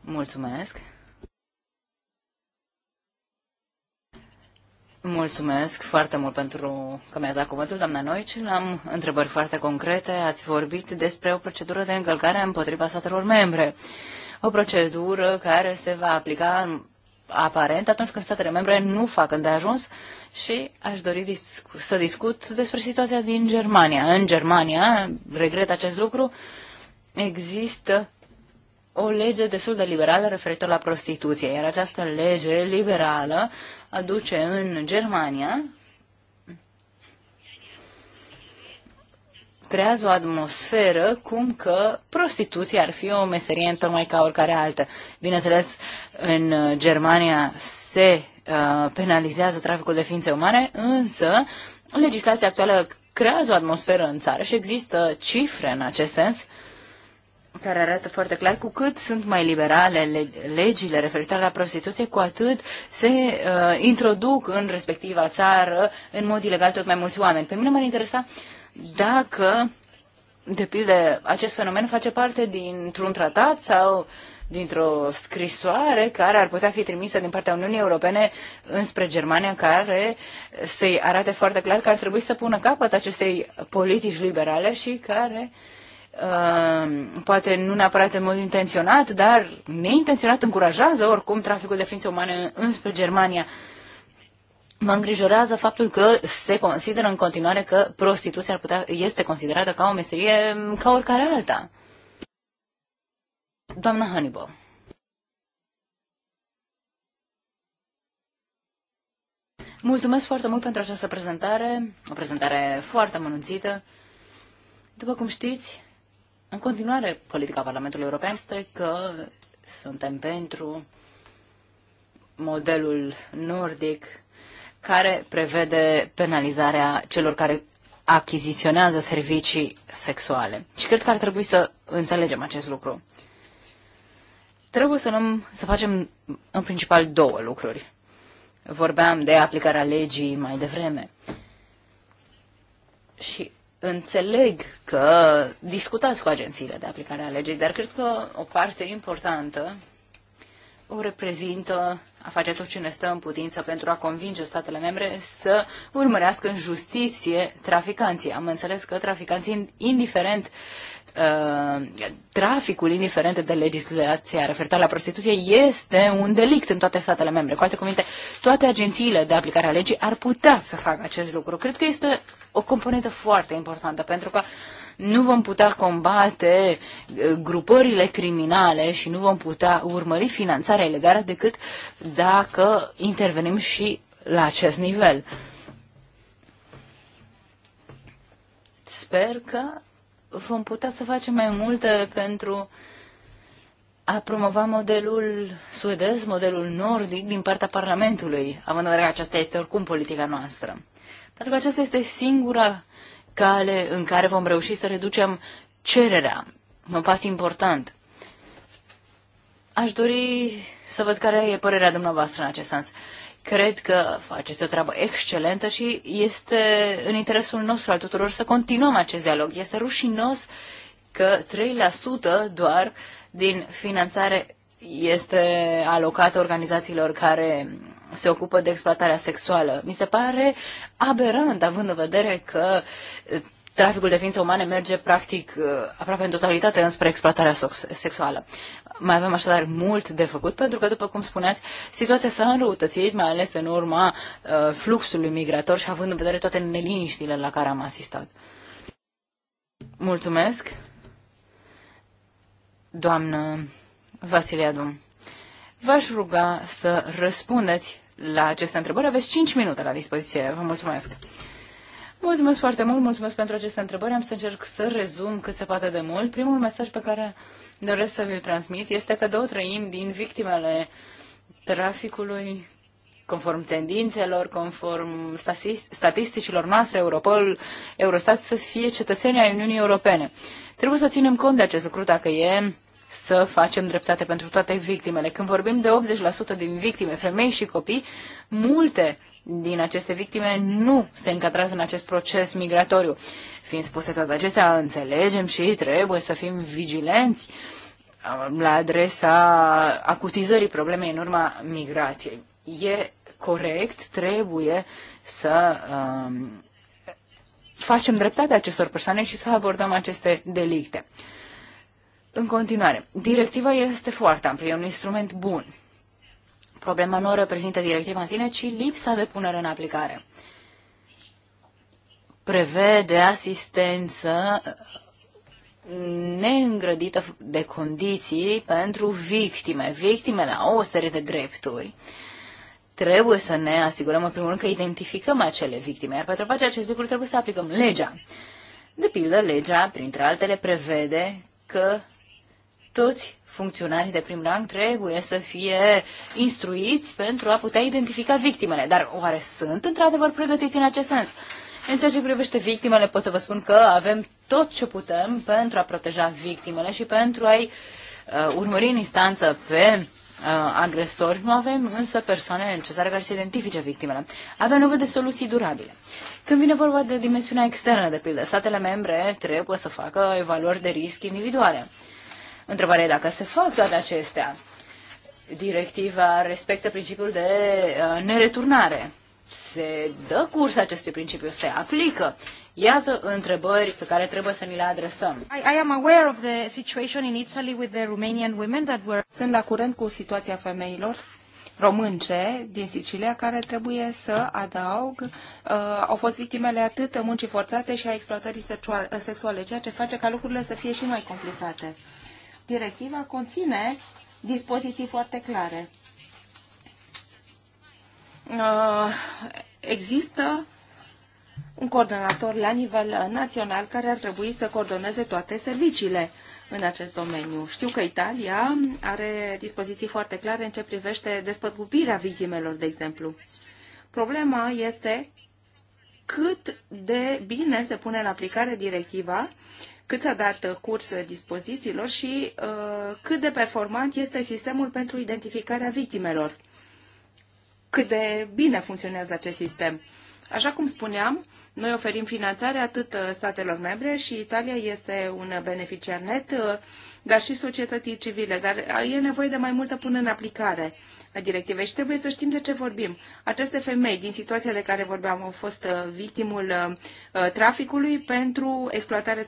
Speaker 1: Mulțumesc! Mulțumesc foarte mult pentru că mi-ați dat cuvântul, doamna Noici. Am întrebări foarte concrete. Ați vorbit despre o procedură de încălcare împotriva statelor membre. O procedură care se va aplica aparent atunci când statele membre nu fac îndeajuns și aș dori discu- să discut despre situația din Germania. În Germania, regret acest lucru, există o lege destul de liberală referitor la prostituție, iar această lege liberală aduce în Germania creează o atmosferă cum că prostituția ar fi o meserie tocmai ca oricare altă. Bineînțeles, în Germania se uh, penalizează traficul de ființe umane, însă legislația actuală creează o atmosferă în țară și există cifre în acest sens care arată foarte clar cu cât sunt mai liberale legile referitoare la prostituție, cu atât se uh, introduc în respectiva țară în mod ilegal tot mai mulți oameni. Pe mine m-ar interesa uh, dacă, de pildă, acest fenomen face parte dintr-un tratat sau dintr-o scrisoare care ar putea fi trimisă din partea Uniunii Europene înspre Germania, care să-i arate foarte clar că ar trebui să pună capăt acestei politici liberale și care Uh, poate nu neapărat în mod intenționat, dar neintenționat încurajează oricum traficul de ființe umane înspre Germania. Uh, Mă îngrijorează faptul că se consideră în continuare că prostituția ar putea, este considerată ca o meserie ca oricare alta. Doamna Hannibal. Mulțumesc foarte mult pentru această prezentare, o prezentare foarte amănunțită. După cum știți, în continuare, politica Parlamentului European este că suntem pentru modelul nordic care prevede penalizarea celor care achiziționează servicii sexuale. Și cred că ar trebui să înțelegem acest lucru. Trebuie să, luăm, să facem în principal două lucruri. Vorbeam de aplicarea legii mai devreme. Și înțeleg că discutați cu agențiile de aplicare a legii, dar cred că o parte importantă o reprezintă a face tot ce ne stă în putință pentru a convinge statele membre să urmărească în justiție traficanții. Am înțeles că traficanții, indiferent uh, traficul, indiferent de legislația referitoare la prostituție, este un delict în toate statele membre. Cu alte cuvinte, toate agențiile de aplicare a legii ar putea să facă acest lucru. Cred că este o componentă foarte importantă, pentru că uh, nu vom putea combate uh, grupările criminale și nu vom putea urmări finanțarea ilegală decât dacă intervenim și la acest nivel. Sper că vom putea să facem mai multe pentru a promova modelul suedez, modelul nordic din partea Parlamentului, având în vedere că aceasta este oricum politica noastră. Pentru că aceasta este singura cale în care vom reuși să reducem cererea. Un pas important. Aș dori să văd care e părerea dumneavoastră în acest sens. Cred că faceți o treabă excelentă și este în interesul nostru al tuturor să continuăm acest dialog. Este rușinos că 3% doar din finanțare este alocată organizațiilor care se ocupă de exploatarea sexuală. Mi se pare aberant, având în vedere că eh, traficul de ființe umane merge practic eh, aproape în totalitate înspre exploatarea sexuală. Mai avem așadar mult de făcut, pentru că, după cum spuneați, situația s-a înrăutățit, mai ales în urma uh, fluxului migrator și având în vedere toate neliniștile la care am asistat. Mulțumesc, doamnă Dum. V-aș ruga să răspundeți la aceste întrebări. Aveți 5 minute la dispoziție. Vă mulțumesc! Mulțumesc foarte mult, mulțumesc pentru aceste întrebări. Am să încerc să rezum cât se poate de mult. Primul mesaj pe care doresc să vi-l transmit este că două treimi din victimele traficului, conform tendințelor, conform statisticilor noastre, Europol, Eurostat, să fie cetățenii ai Uniunii Europene. Trebuie să ținem cont de acest lucru dacă e să facem dreptate pentru toate victimele. Când vorbim de 80% din victime, femei și copii, multe din aceste victime nu se încadrează în acest proces migratoriu. Fiind spuse toate acestea, înțelegem și trebuie să fim vigilenți um, la adresa acutizării problemei în urma migrației. E corect, trebuie să um, facem dreptate acestor persoane și să abordăm aceste delicte. În continuare, directiva este foarte amplă, e un instrument bun. Problema nu reprezintă directiva în sine, ci lipsa de punere în aplicare. Prevede asistență neîngrădită de condiții pentru victime. Victimele au o serie de drepturi. Trebuie să ne asigurăm, în primul rând, că identificăm acele victime, iar pentru a face acest lucru trebuie să aplicăm legea. De pildă, legea, printre altele, prevede că toți funcționarii de prim rang trebuie să fie instruiți pentru a putea identifica victimele. Dar oare sunt într-adevăr pregătiți în acest sens? În ceea ce privește victimele, pot să vă spun că avem tot ce putem pentru a proteja victimele și pentru a-i uh, urmări în instanță pe uh, agresori. Nu avem însă persoane necesare care să identifice victimele. Avem nevoie de soluții durabile. Când vine vorba de dimensiunea externă, de pildă, statele membre trebuie să facă evaluări de risc individuale. Uh, Întrebarea e dacă se fac toate acestea. Directiva respectă principiul de uh, nereturnare. Se dă curs acestui principiu, se aplică. Iată întrebări pe care trebuie să ni le adresăm.
Speaker 2: I, am aware of the situation in Italy with the Romanian women that were... Sunt la curent cu situația femeilor românce din Sicilia care trebuie să adaug uh, au fost victimele atât muncii forțate și a exploatării sexuale, ceea ce face ca lucrurile să fie și mai complicate directiva conține dispoziții foarte clare. Uh, există un coordonator la nivel național care ar trebui să coordoneze toate serviciile în acest domeniu. Știu că Italia are dispoziții foarte clare în ce privește despăgubirea victimelor, de exemplu. Problema este cât de bine se pune în aplicare directiva cât s-a dat uh, curs dispozițiilor și uh, cât de performant este sistemul pentru identificarea victimelor. Cât de bine funcționează acest sistem. Așa cum spuneam, noi oferim finanțare atât uh, statelor membre și Italia este un beneficiar net, uh, dar și societății civile. Dar uh, e nevoie de mai multă până în aplicare a directivei și trebuie să știm de ce vorbim. Aceste femei din situația de care vorbeam au fost victimul traficului pentru exploatare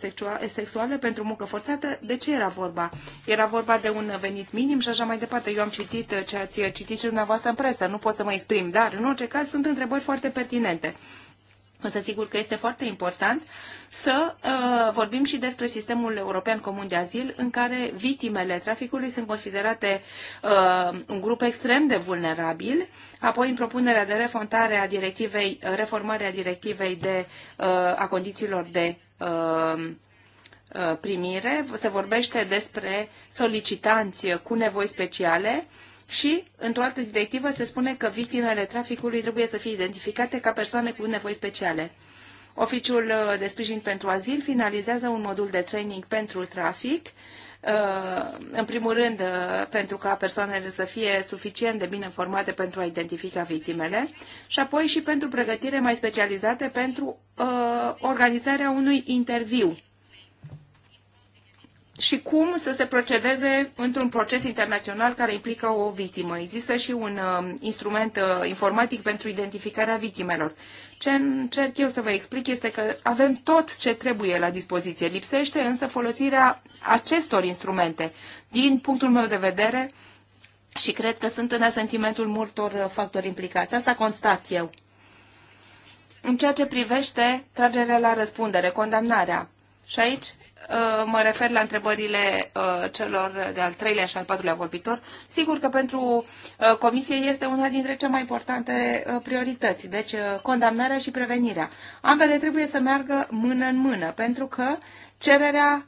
Speaker 2: sexuală, pentru muncă forțată. De ce era vorba? Era vorba de un venit minim și așa mai departe. Eu am citit ce ați citit și dumneavoastră în presă, nu pot să mă exprim, dar în orice caz sunt întrebări foarte pertinente. Însă sigur că este foarte important să uh, vorbim și despre sistemul european comun de azil, în care victimele traficului sunt considerate uh, un grup extrem de vulnerabil. Apoi, în propunerea de refontare a directivei, reformarea directivei de, uh, a condițiilor de uh, uh primire, se vorbește despre solicitanți cu nevoi speciale, uh, și, într-o altă directivă, se spune că victimele traficului trebuie să fie identificate ca persoane cu nevoi speciale. Oficiul uh, de sprijin pentru azil finalizează un modul de training pentru trafic, uh, în primul rând uh, pentru ca persoanele să fie suficient de bine informate pentru a identifica victimele și apoi și pentru pregătire mai specializate pentru organizarea unui interviu și cum să se procedeze într-un proces internațional care implică o victimă. Există și un uh, instrument uh, informatic pentru identificarea victimelor. Ce încerc eu să vă explic este că avem tot ce trebuie la dispoziție. Lipsește însă folosirea acestor instrumente. Din punctul meu de vedere, și cred că sunt în asentimentul multor uh, factori implicați. Asta constat eu. În ceea ce privește tragerea la răspundere, condamnarea. Și aici Uh, mă refer la întrebările uh, celor de-al treilea și al patrulea vorbitor. Sigur că pentru uh, Comisie este una dintre cele mai importante priorități, deci condamnarea și prevenirea. Ambele trebuie să meargă mână în mână, pentru că cererea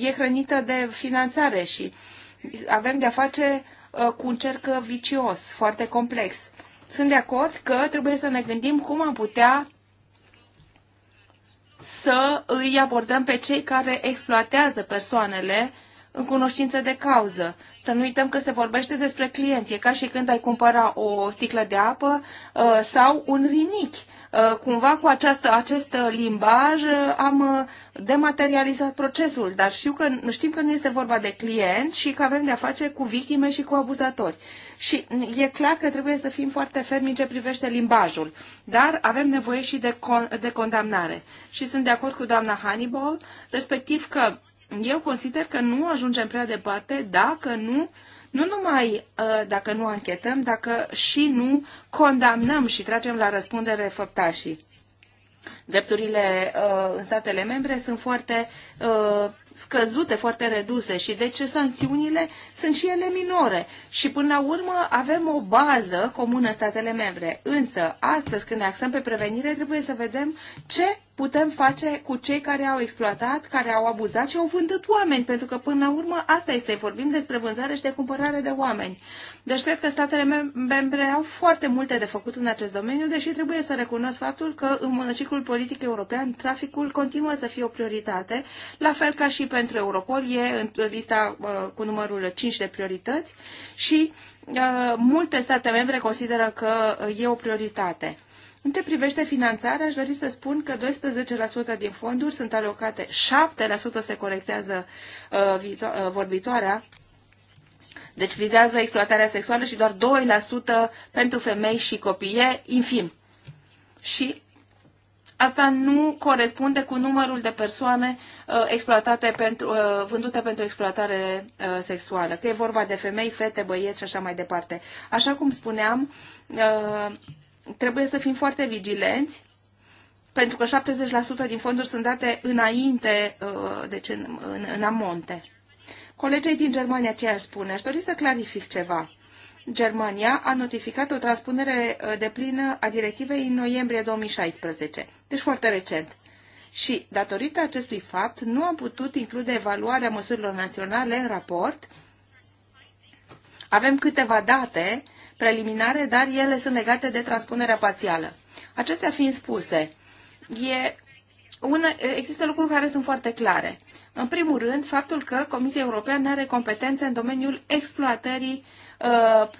Speaker 2: e hrănită de finanțare și avem de-a face cu un cerc vicios, foarte complex. Sunt de acord că trebuie să ne gândim cum am putea să îi abordăm pe cei care exploatează persoanele în cunoștință de cauză. Să nu uităm că se vorbește despre clienți. E ca și când ai cumpăra o sticlă de apă uh, sau un rinichi. Uh, cumva cu această, acest uh, limbaj am dematerializat procesul, dar știu că, știm că nu este vorba de clienți și că avem de-a face cu victime și cu abuzatori. Și e clar că trebuie să fim foarte fermi în ce privește limbajul, dar avem nevoie și de, con- de condamnare. Și sunt de acord cu doamna Hannibal, respectiv că eu consider că nu ajungem prea departe dacă nu nu numai uh, dacă nu anchetăm, dacă și nu condamnăm și tragem la răspundere făptașii. Drepturile uh, în statele membre sunt foarte uh, scăzute, foarte reduse și deci sancțiunile sunt și ele minore. Și până la urmă avem o bază comună statele membre. Însă, astăzi când ne axăm pe prevenire, trebuie să vedem ce putem face cu cei care au exploatat, care au abuzat și au vândut oameni, pentru că până la urmă asta este, vorbim despre vânzare și de cumpărare de oameni. Deci cred că statele membre au foarte multe de făcut în acest domeniu, deși trebuie să recunosc faptul că în ciclul politic european traficul continuă să fie o prioritate, la fel ca și pentru Europol e în lista uh, cu numărul 5 de priorități și uh, multe state membre consideră că e o prioritate. În ce privește finanțarea, aș dori să spun că 12% din fonduri sunt alocate, 7% se corectează uh, vorbitoarea, deci vizează exploatarea sexuală și doar 2% pentru femei și copii. E infim. Și asta nu corespunde cu numărul de persoane uh, exploatate pentru, uh, vândute pentru exploatare uh, sexuală, că e vorba de femei, fete, băieți și așa mai departe. Așa cum spuneam, trebuie să fim foarte vigilenți pentru că 70% din fonduri sunt date înainte, deci în, în, în amonte. Colegii din Germania ce aș spune? Aș dori să clarific ceva. Germania a notificat o transpunere uh, deplină a directivei în noiembrie 2016, deci foarte recent. Și, datorită acestui fapt, nu am putut include evaluarea măsurilor naționale în raport. Avem câteva date preliminare, dar ele sunt legate de transpunerea parțială. Acestea fiind spuse, e una, există lucruri care sunt foarte clare. În primul rând, faptul că Comisia Europeană are competențe în domeniul exploatării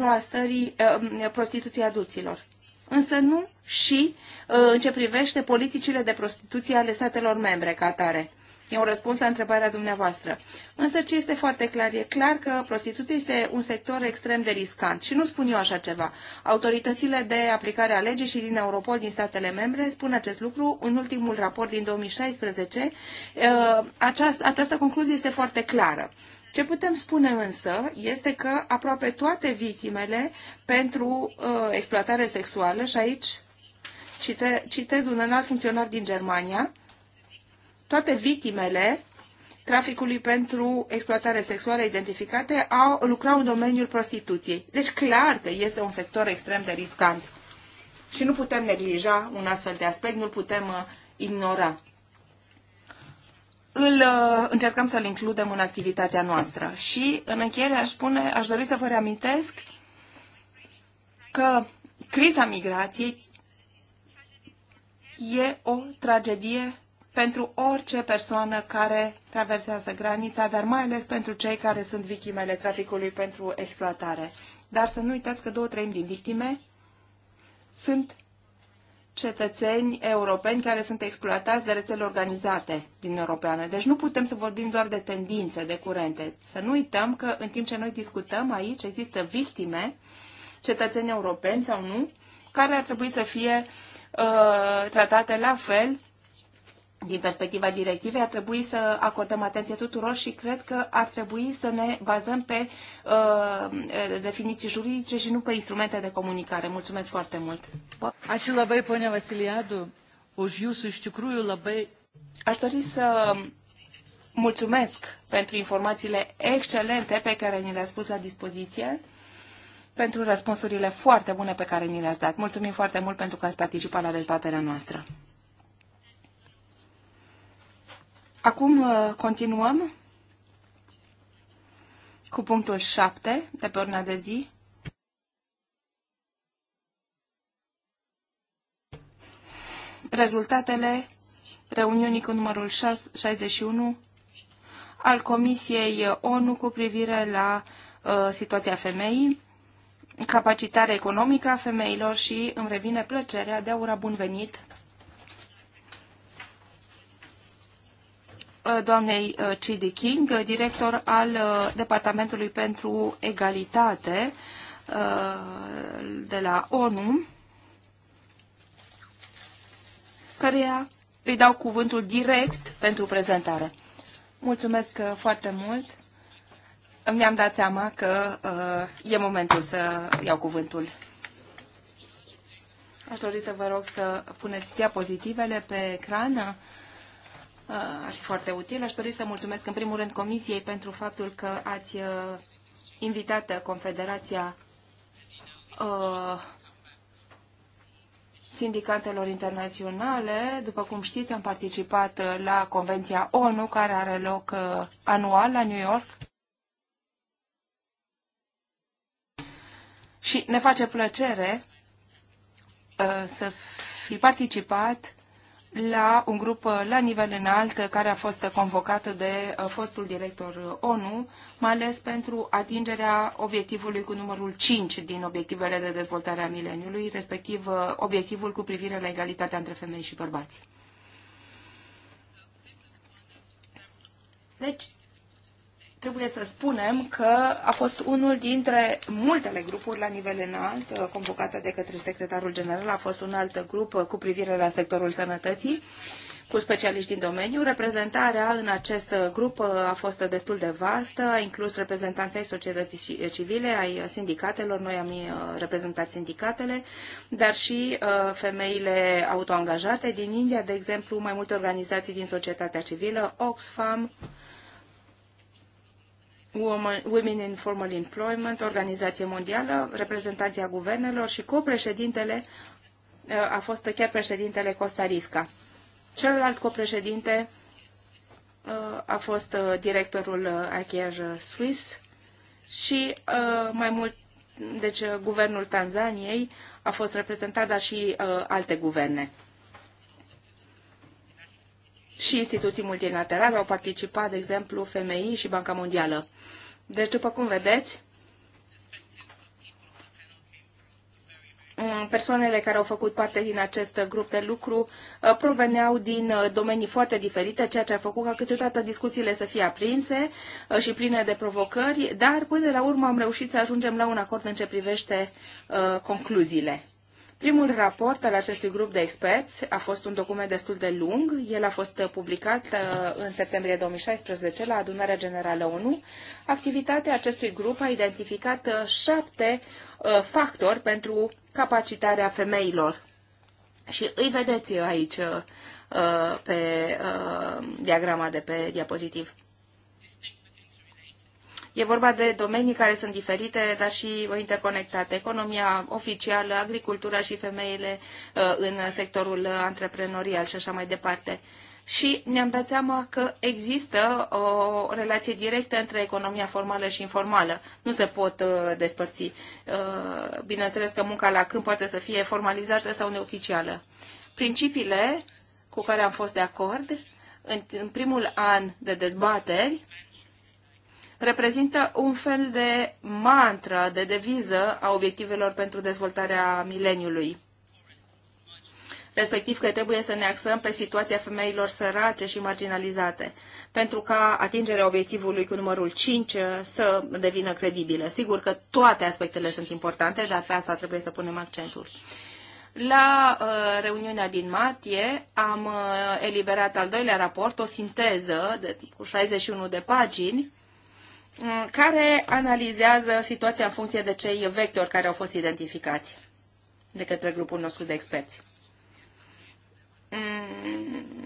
Speaker 2: uh, uh, prostituției aduților. Însă nu și uh, în ce privește politicile de prostituție ale statelor membre ca atare. Uh, E un răspuns la întrebarea dumneavoastră. Însă ce este foarte clar, e clar că prostituția este un sector extrem de riscant și nu spun eu așa ceva. Autoritățile de aplicare a legii și din Europol din statele membre spun acest lucru în ultimul raport din 2016. Uh, această, această concluzie este foarte clară. Ce putem spune însă este că aproape toate victimele pentru uh, exploatare sexuală, și aici cite, citez un înalt funcționar din Germania, toate victimele traficului pentru exploatare sexuală identificate au, lucrau în domeniul prostituției. Deci clar că este un sector extrem de riscant. Și nu putem neglija un astfel de aspect, nu-l putem uh, ignora. Îl uh, încercăm să-l includem în activitatea noastră. Și în încheiere aș spune, aș dori să vă reamintesc că criza migrației e o tragedie pentru orice persoană care traversează granița, dar mai ales pentru cei care sunt victimele traficului pentru exploatare. Dar să nu uitați că două treimi din victime sunt cetățeni europeni care sunt exploatați de rețele organizate din Europeană. Deci nu putem să vorbim doar de tendințe, de curente. Să nu uităm că în timp ce noi discutăm aici există victime, cetățeni europeni sau nu, care ar trebui să fie uh, tratate la fel din perspectiva directivei, ar trebui să acordăm atenție tuturor și cred că ar trebui să ne bazăm pe uh, definiții juridice și nu pe instrumente de comunicare. Mulțumesc foarte mult! Ačiū labai, ponia Vasiliadu, už jūsų iš tikrųjų labai... Aș dori să mulțumesc pentru informațiile excelente pe care ni le-ați pus la dispoziție, pentru răspunsurile foarte bune pe care ni le-ați dat. Mulțumim foarte mult pentru că ați participat la dezbaterea noastră. Acum uh, continuăm cu punctul 7 de pe urna de zi. Rezultatele reuniunii cu numărul 61 al Comisiei uh, ONU cu privire la uh, situația femeii, capacitarea economică a femeilor și îmi revine plăcerea de a ura bun venit Uh, doamnei uh, Cidi King, uh, director al Departamentului pentru Egalitate de la ONU, căreia îi dau cuvântul direct pentru prezentare. Mulțumesc foarte mult. Mi-am dat seama că e momentul să iau cuvântul. Aș dori să vă rog să puneți diapozitivele pe ecrană. Uh, ar fi foarte util. Aș dori să mulțumesc în primul rând Comisiei pentru faptul că ați uh, invitat Confederația uh, sindicatelor internaționale. După cum știți, am participat la Convenția ONU, care are loc anual la New York. Și ne face plăcere să fi participat la un grup la nivel înalt care a fost convocat de uh, fostul director uh, ONU, mai ales pentru atingerea obiectivului cu numărul 5 din obiectivele de dezvoltare a mileniului, respectiv uh, obiectivul cu privire la egalitatea între femei și bărbați. Deci, trebuie să spunem că a fost unul dintre multele grupuri la nivel înalt uh, convocată de către secretarul general. A fost un alt grup uh, cu privire la sectorul sănătății cu specialiști din domeniu. Reprezentarea în acest uh, grup a fost destul de vastă, a inclus reprezentanții societății civile, ai sindicatelor, noi am reprezentat sindicatele, dar și femeile autoangajate din India, de exemplu, mai multe organizații din societatea civilă, Oxfam, Women in Formal Employment, Organizație Mondială, reprezentanția guvernelor și copreședintele uh, a fost chiar președintele Costa Rica. Celălalt copreședinte uh, a fost uh, directorul Aker Swiss și mai mult, deci guvernul Tanzaniei a fost reprezentat, dar și alte guverne și instituții multilaterale, au participat, de exemplu, FMI și Banca Mondială. Deci, după cum vedeți, mm, persoanele care au făcut parte din acest grup de lucru uh, proveneau din uh, domenii foarte diferite, ceea ce a făcut ca câteodată discuțiile să fie aprinse uh, și pline de provocări, dar până la urmă am reușit să ajungem la un acord în ce privește concluziile. Primul raport al acestui grup de experți a fost un document destul de lung. El a fost uh, publicat uh, în septembrie 2016 la adunarea generală ONU. Activitatea acestui grup a identificat uh, șapte factori pentru capacitarea femeilor. Și îi vedeți aici pe diagrama de pe diapozitiv. E vorba de domenii care sunt diferite, dar și interconectate. Economia oficială, agricultura și femeile uh, în sectorul antreprenorial și așa mai departe și ne-am dat seama că există o relație directă între economia formală și informală. Nu se pot uh, despărți. Uh, bineînțeles că munca la câmp poate să fie formalizată sau neoficială. Principiile cu care am fost de acord în, în primul an de dezbateri reprezintă un fel de mantră, de deviză a obiectivelor pentru dezvoltarea mileniului respectiv că trebuie să ne axăm pe situația femeilor sărace și marginalizate, pentru ca atingerea obiectivului cu numărul 5 uh, să devină credibilă. Sigur că toate aspectele sunt importante, dar pe asta trebuie să punem accentul. La uh, reuniunea din martie am uh, eliberat al doilea raport, o sinteză de, cu 61 de pagini, Mm, care analizează situația în funcție de cei vectori care au fost identificați de către grupul nostru de experți. Mm,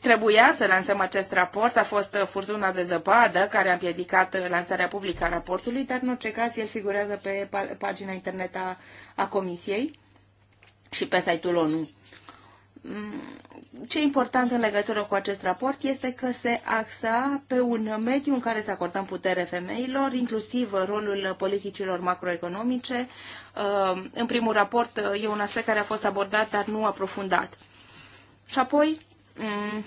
Speaker 2: trebuia să lansăm acest raport, a fost uh, furtuna de zăpadă care a împiedicat uh, lansarea publică a raportului, dar în orice caz el figurează pe pagina internet a, a Comisiei și pe site-ul ONU ce important în legătură cu acest raport este că se axa pe un mediu în care să acordăm putere femeilor, inclusiv rolul politicilor macroeconomice. Uh, în primul raport uh, e un aspect care a fost abordat, dar nu aprofundat. Și apoi um,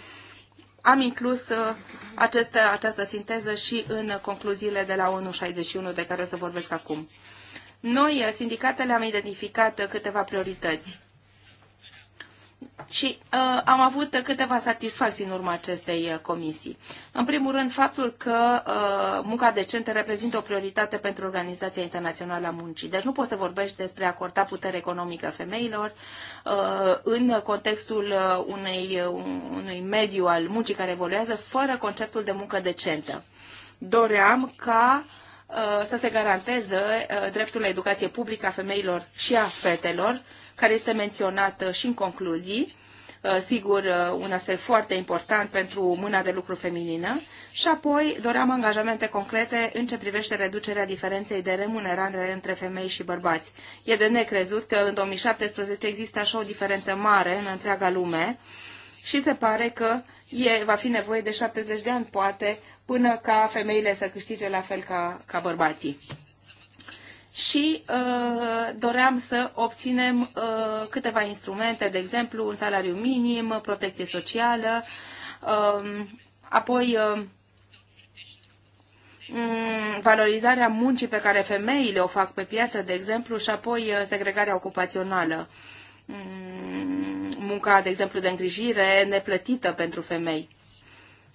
Speaker 2: am inclus uh, această, această sinteză și în concluziile de la 1.61 de care o să vorbesc acum. Noi, sindicatele, am identificat câteva priorități și uh, am avut câteva satisfacții în urma acestei uh, comisii. În primul rând, faptul că uh, munca decentă reprezintă o prioritate pentru Organizația Internațională a Muncii. Deci nu poți să vorbești despre acorda putere economică femeilor uh, în contextul uh, unei, uh, unui mediu al muncii care evoluează fără conceptul de muncă decentă. Doream ca uh, să se garanteze uh, dreptul la educație publică a femeilor și a fetelor, care este menționată și în concluzii, uh, sigur, uh, un aspect foarte important pentru mâna de lucru feminină și apoi doream angajamente concrete în ce privește reducerea diferenței de remunerare între femei și bărbați. E de necrezut că în 2017 există așa o diferență mare în întreaga lume și se pare că e, va fi nevoie de 70 de ani, poate, până ca femeile să câștige la fel ca, ca bărbații și uh, doream să obținem uh, câteva instrumente, de exemplu un salariu minim, protecție socială, uh, apoi uh, valorizarea muncii pe care femeile o fac pe piață, de exemplu, și apoi uh, segregarea ocupațională. Mm, munca, de exemplu, de îngrijire neplătită pentru femei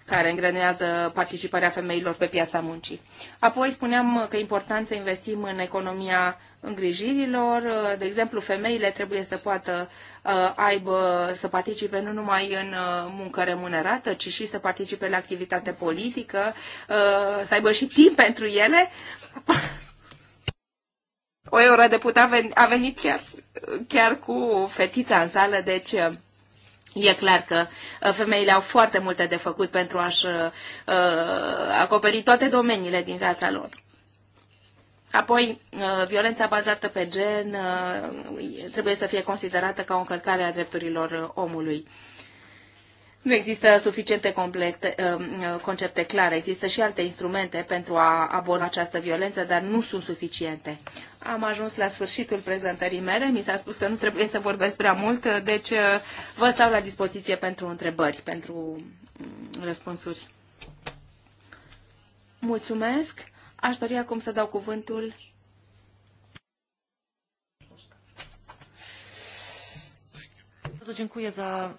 Speaker 2: care îngrenuează participarea femeilor pe piața muncii. Apoi spuneam că e important să investim în economia îngrijirilor. De exemplu, femeile trebuie să poată uh, aibă, să participe nu numai în uh, muncă remunerată, ci și să participe la activitate politică, uh, să aibă și timp pentru ele. O eurodeputat a venit chiar, chiar cu fetița în sală, deci E clar că uh, femeile au foarte multe de făcut pentru a-și uh, acoperi toate domeniile din viața lor. Apoi, uh, violența bazată pe gen trebuie să fie considerată ca o încălcare a drepturilor omului. Nu există suficiente complete, concepte clare, există și alte instrumente pentru a aborda această violență, dar nu sunt suficiente. Am ajuns la sfârșitul prezentării mele. Mi s-a spus că nu trebuie să vorbesc prea mult, deci uh, vă stau la dispoziție pentru întrebări, pentru mm, răspunsuri. Mulțumesc. Aș dori acum să dau cuvântul
Speaker 1: Bardzo dziękuję za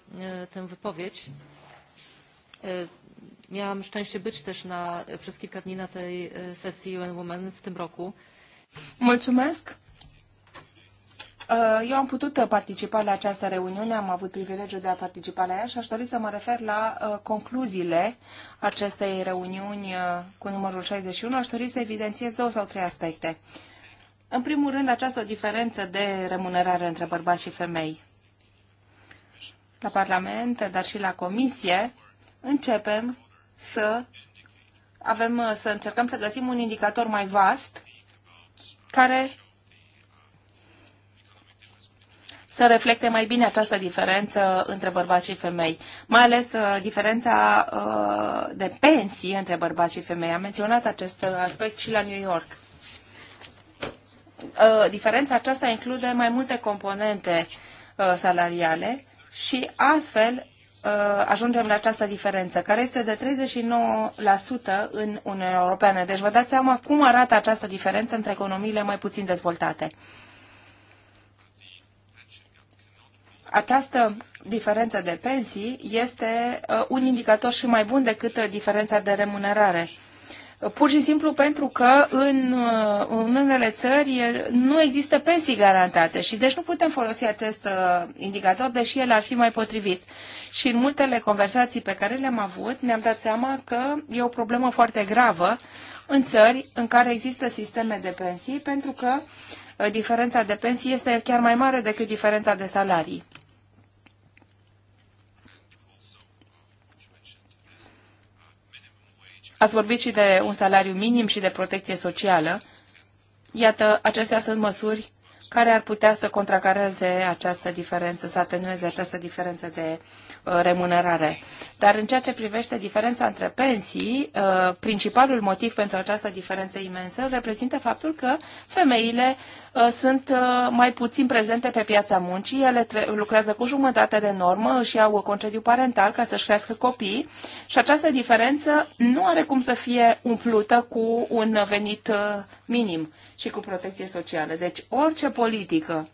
Speaker 1: tę wypowiedź. Miałam szczęście
Speaker 2: być też na, przez kilka dni na tej sesji UN Women w tym roku. Mulțumesc! Uh, eu am putut uh, participa la această reuniune, am avut privilegiul de a participa la ea și aș dori să mă refer la uh, concluziile acestei reuniuni cu numărul 61. Aș dori să evidențiez două sau trei aspecte. În primul rând, această diferență de remunerare între bărbați și femei. La Parlament, dar și la Comisie, începem să avem, să încercăm să găsim un indicator mai vast care să reflecte mai bine această diferență între bărbați și femei, mai ales uh, diferența uh, de pensii între bărbați și femei. Am menționat acest uh, aspect și la New York. Diferența aceasta include mai multe componente salariale și astfel Uh, ajungem la această diferență, care este de 39% în Uniunea Europeană. Deci vă dați seama cum arată această diferență între economiile mai puțin dezvoltate. Această diferență de pensii este uh, un indicator și mai bun decât diferența de remunerare pur și simplu pentru că în, uh, în unele țări nu există pensii garantate și deci nu putem folosi acest uh, indicator, deși el ar fi mai potrivit. Și în multele conversații pe care le-am avut, ne-am dat seama că e o problemă foarte gravă în țări în care există sisteme de pensii, pentru că uh, diferența de pensii este chiar mai mare decât diferența de salarii. Ați vorbit și de un salariu minim și de protecție socială. Iată, acestea sunt măsuri care ar putea să contracareze această diferență, să atenueze această diferență de uh, remunerare. Dar în ceea ce privește diferența între pensii, uh, principalul motiv pentru această diferență imensă reprezintă faptul că femeile Uh, sunt uh, mai puțin prezente pe piața muncii, ele lucrează cu jumătate de normă, și au concediu parental ca să-și crească copii și această diferență nu are cum să fie umplută cu un venit uh, minim și cu protecție socială. Deci orice politică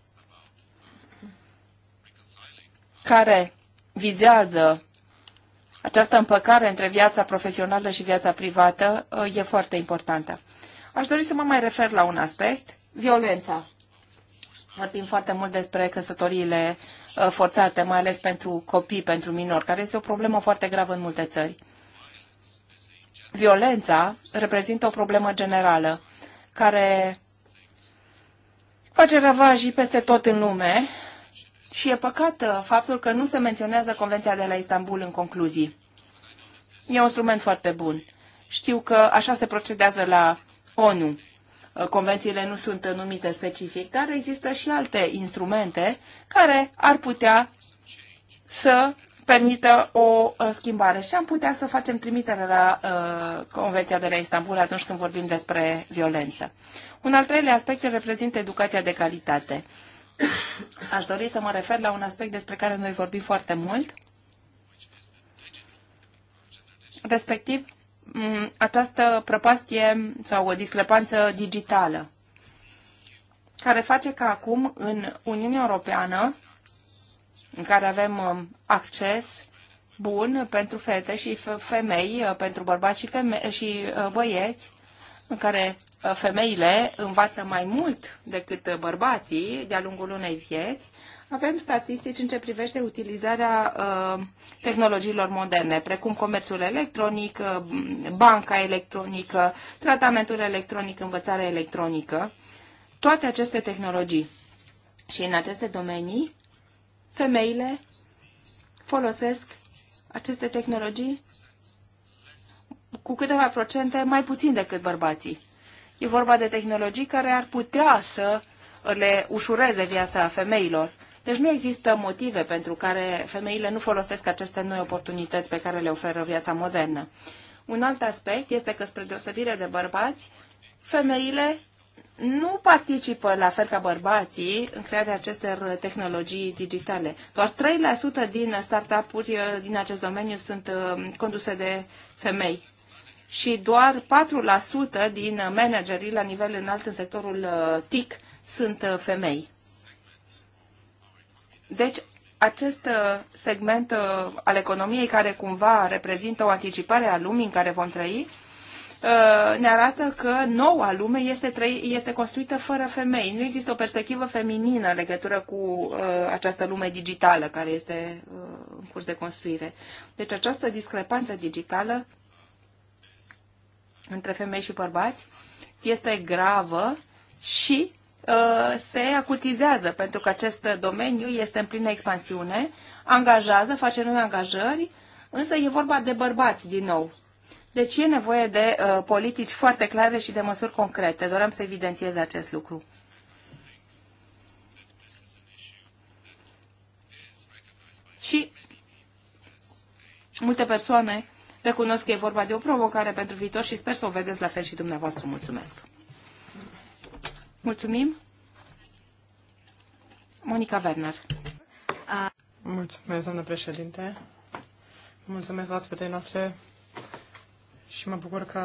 Speaker 2: care vizează această împăcare între viața profesională și viața privată e foarte importantă. Aș dori să mă mai refer la un aspect
Speaker 3: Violența.
Speaker 2: Vorbim foarte mult despre căsătoriile uh, forțate, mai ales pentru copii, pentru minori, care este o problemă foarte gravă în multe țări. Violența reprezintă o problemă generală care face ravajii peste tot în lume și e păcat faptul că nu se menționează Convenția de la Istanbul în concluzii. E un instrument foarte bun. Știu că așa se procedează la ONU. Uh, convențiile nu sunt numite specific, dar există și alte instrumente care ar putea să permită o uh, schimbare și am putea să facem trimitere la uh, Convenția de la Istanbul atunci când vorbim despre violență. Un al treilea aspect reprezintă educația de calitate. Aș dori să mă refer la un aspect despre care noi vorbim foarte mult, respectiv Mm, această prăpastie sau o discrepanță digitală care face ca acum în Uniunea Europeană, în care avem um, acces bun pentru fete și femei, uh, pentru bărbați și, feme- și uh, băieți, în care uh, femeile învață mai mult decât bărbații de-a lungul unei vieți, avem statistici în ce privește utilizarea uh, tehnologiilor moderne, precum comerțul electronic, uh, banca electronică, tratamentul electronic, învățarea electronică, toate aceste tehnologii. Și în aceste domenii, femeile folosesc aceste tehnologii cu câteva procente mai puțin decât bărbații. E vorba de tehnologii care ar putea să le ușureze viața femeilor deci nu există motive pentru care femeile nu folosesc aceste noi oportunități pe care le oferă viața modernă. Un alt aspect este că, spre deosebire de bărbați, femeile nu participă la fel ca bărbații în crearea acestor tehnologii digitale. Doar 3% din startup-uri uh, din acest domeniu sunt uh, conduse de femei și doar 4% din managerii la nivel înalt în sectorul uh, TIC sunt femei. Deci, acest uh, segment uh, al economiei care cumva reprezintă o anticipare a lumii în care vom trăi, uh, ne arată că noua lume este, trăi, este construită fără femei. Nu există o perspectivă feminină în legătură cu această lume digitală care este în curs de construire. Deci această discrepanță digitală între femei și bărbați este gravă și Uh, se acutizează pentru că acest domeniu este în plină expansiune, angajează, face noi angajări, însă e vorba de bărbați din nou. Deci e nevoie de uh, politici foarte clare și de măsuri concrete. Doream să evidențiez acest lucru. Și multe persoane recunosc că e vorba de o provocare pentru viitor și sper să o vedeți la fel și dumneavoastră. Mulțumesc! Mulțumim.
Speaker 3: Monica Werner. Mulțumesc, doamnă președinte. Mulțumesc oaspetei noastre și mă bucur că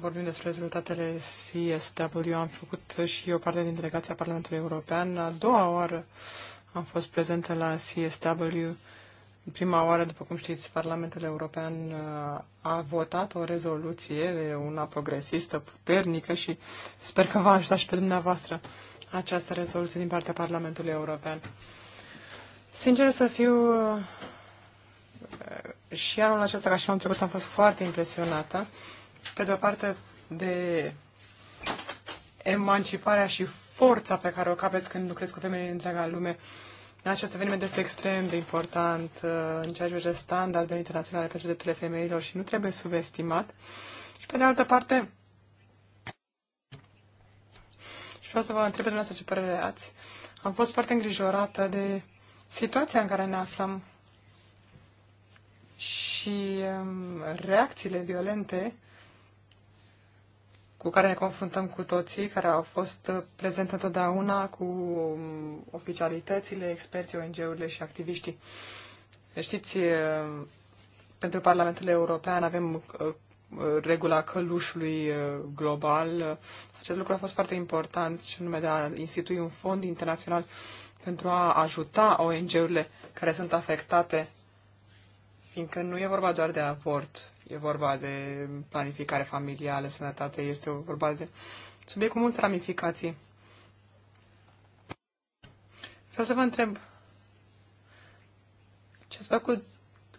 Speaker 3: vorbim despre rezultatele CSW. Am făcut și eu parte din delegația Parlamentului European. A doua oară am fost prezentă la CSW prima oară, după cum știți, Parlamentul European uh, a votat o rezoluție, una progresistă, puternică și sper că va ajuta și pe dumneavoastră această rezoluție din partea Parlamentului European. Sincer să fiu, uh, și anul acesta, ca și anul trecut, am fost foarte impresionată, pe de o parte, de emanciparea și forța pe care o capeți când lucrezi cu femeile din întreaga lume, uh, acest eveniment este extrem de important uh, în ceea ce privește standardele internaționale pentru drepturile femeilor și nu trebuie subestimat. Și pe de altă parte, și vreau să vă întreb dumneavoastră ce părere ați. Am fost foarte îngrijorată de situația în care ne aflăm și um, reacțiile violente cu care ne confruntăm cu toții, care au fost prezente întotdeauna cu oficialitățile, experții, ONG-urile și activiștii. Știți, pentru Parlamentul European avem regula călușului global. Acest lucru a fost foarte important și nume de a institui un fond internațional pentru a ajuta ONG-urile care sunt afectate, fiindcă nu e vorba doar de avort, E vorba de planificare familială, sănătate, este vorba de subiect cu multe ramificații. Vreau să vă întreb, ce ați făcut,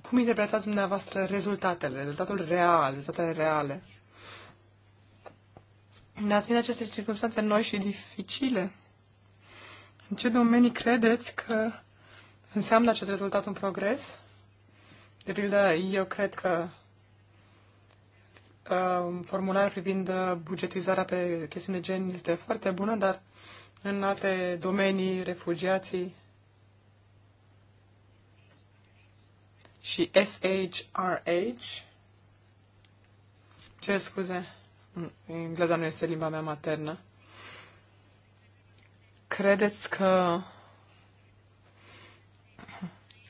Speaker 3: cum interpretați dumneavoastră rezultatele, rezultatul real, rezultatele reale? Ne-ați venit aceste circunstanțe noi și dificile. În ce domenii credeți că înseamnă acest rezultat un progres? De pildă, eu cred că Ehm, formular privind uh, bugetizarea pe chestiuni de gen este foarte bună, dar în alte domenii, refugiații și SHRH, ce scuze, engleza nu este limba mea maternă, credeți că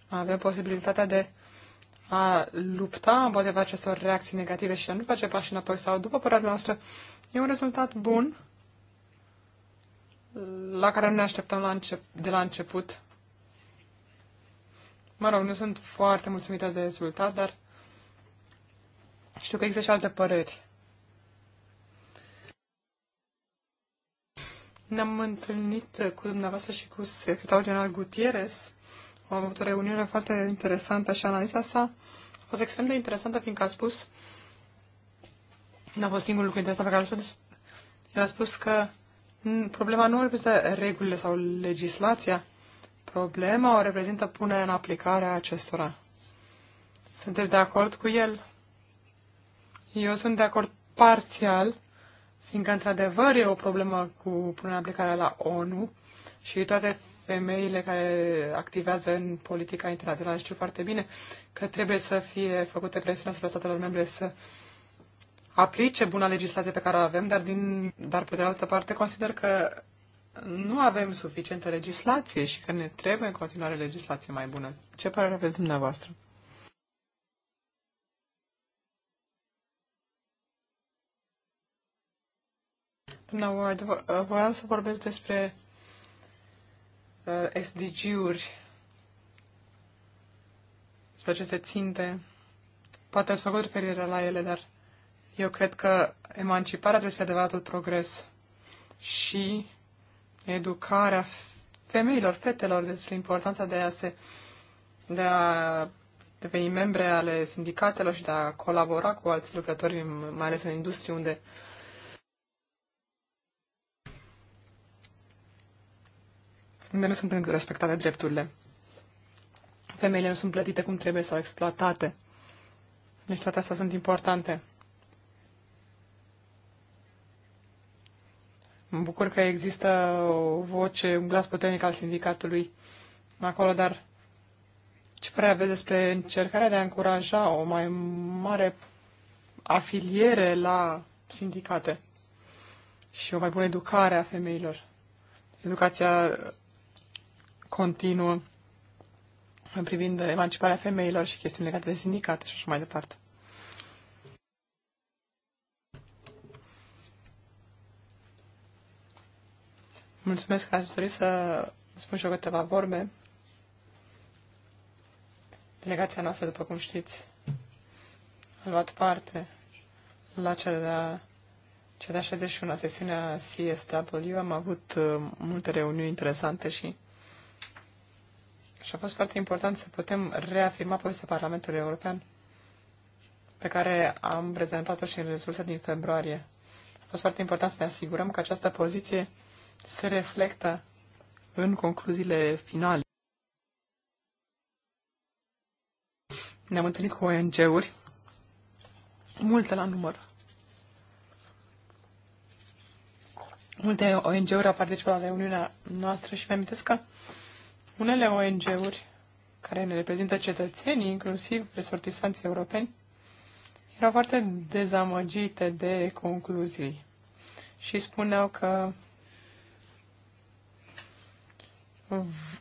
Speaker 3: avem posibilitatea de a lupta împotriva acestor reacții negative și a nu face pași înapoi sau după părerea noastră, e un rezultat bun la care nu ne așteptam la încep- de la început. Mă rog, nu sunt foarte mulțumită de rezultat, dar știu că există și alte păreri. Ne-am întâlnit cu dumneavoastră și cu secretarul general Gutierrez am avut o reuniune foarte interesantă și analiza sa a fost extrem de interesantă, fiindcă a spus, n-a fost singurul lucru interesant pe care l-a spus, el a spus că problema nu reprezintă regulile sau legislația, problema o reprezintă punerea în aplicare a acestora. Sunteți de acord cu el? Eu sunt de acord parțial, fiindcă într-adevăr e o problemă cu punerea în aplicare la ONU și toate femeile care activează în politica internațională. Știu foarte bine că trebuie să fie făcute presiune asupra statelor membre să aplice buna legislație pe care o avem, dar, din, dar pe de altă parte consider că nu avem suficientă legislație și că ne trebuie în continuare legislație mai bună. Ce părere aveți dumneavoastră? Dumneavoastră voiam să vorbesc despre Uh, SDG-uri și pe aceste ținte. Poate ați făcut referire la ele, dar eu cred că emanciparea trebuie să fie adevăratul progres și educarea femeilor, fetelor despre importanța de a se de a deveni membre ale sindicatelor și de a colabora cu alți lucrători, mai ales în industrie unde unde nu sunt respectate drepturile. Femeile nu sunt plătite cum trebuie sau exploatate. Deci toate astea sunt importante. Mă bucur că există o voce, un glas puternic al sindicatului acolo, dar ce părere aveți despre încercarea de a încuraja o mai mare afiliere la sindicate și o mai bună educare a femeilor? Educația continuă privind emanciparea femeilor și chestiuni legate de sindicate și așa mai departe. Mulțumesc că ați dorit să spun și eu câteva vorbe. Delegația noastră, după cum știți, a luat parte la cea de-a cea de 61-a sesiune a CSW. Am avut uh, multe reuniuni interesante și și a fost foarte important să putem reafirma poziția Parlamentului European pe care am prezentat-o și în rezultatul din februarie. A fost foarte important să ne asigurăm că această poziție se reflectă în concluziile finale. Ne-am întâlnit cu ONG-uri, multe la număr. Multe ONG-uri au participat la reuniunea noastră și mi-am că unele ONG-uri care ne reprezintă cetățenii, inclusiv resortisanții europeni, erau foarte dezamăgite de concluzii și spuneau că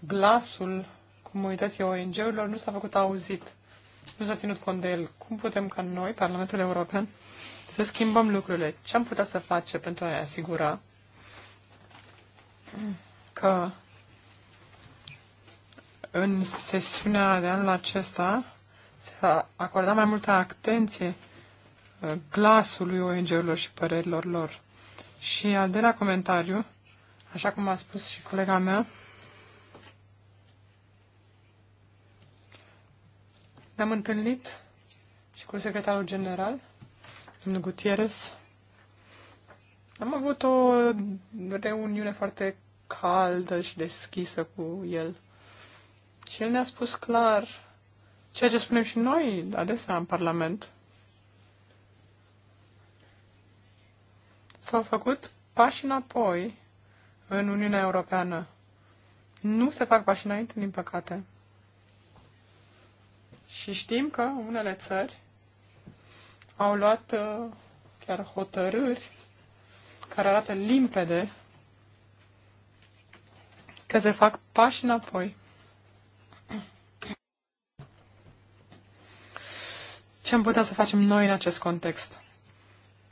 Speaker 3: glasul comunității ONG-urilor nu s-a făcut auzit, nu s-a ținut cont de el. Cum putem ca noi, Parlamentul European, să schimbăm lucrurile? Ce am putea să facem pentru a asigura că în sesiunea de anul acesta se va acorda mai multă atenție uh, glasului ONG-urilor și părerilor lor. Și al doilea comentariu, așa cum a spus și colega mea, ne-am întâlnit și cu secretarul general, domnul Gutierrez. Am avut o reuniune foarte caldă și deschisă cu el. Și el ne-a spus clar ceea ce spunem și noi adesea în Parlament. S-au făcut pași înapoi în Uniunea Europeană. Nu se fac pași înainte, din păcate. Și știm că unele țări au luat uh, chiar hotărâri care arată limpede că se fac pași înapoi. Ce am putea să facem noi în acest context?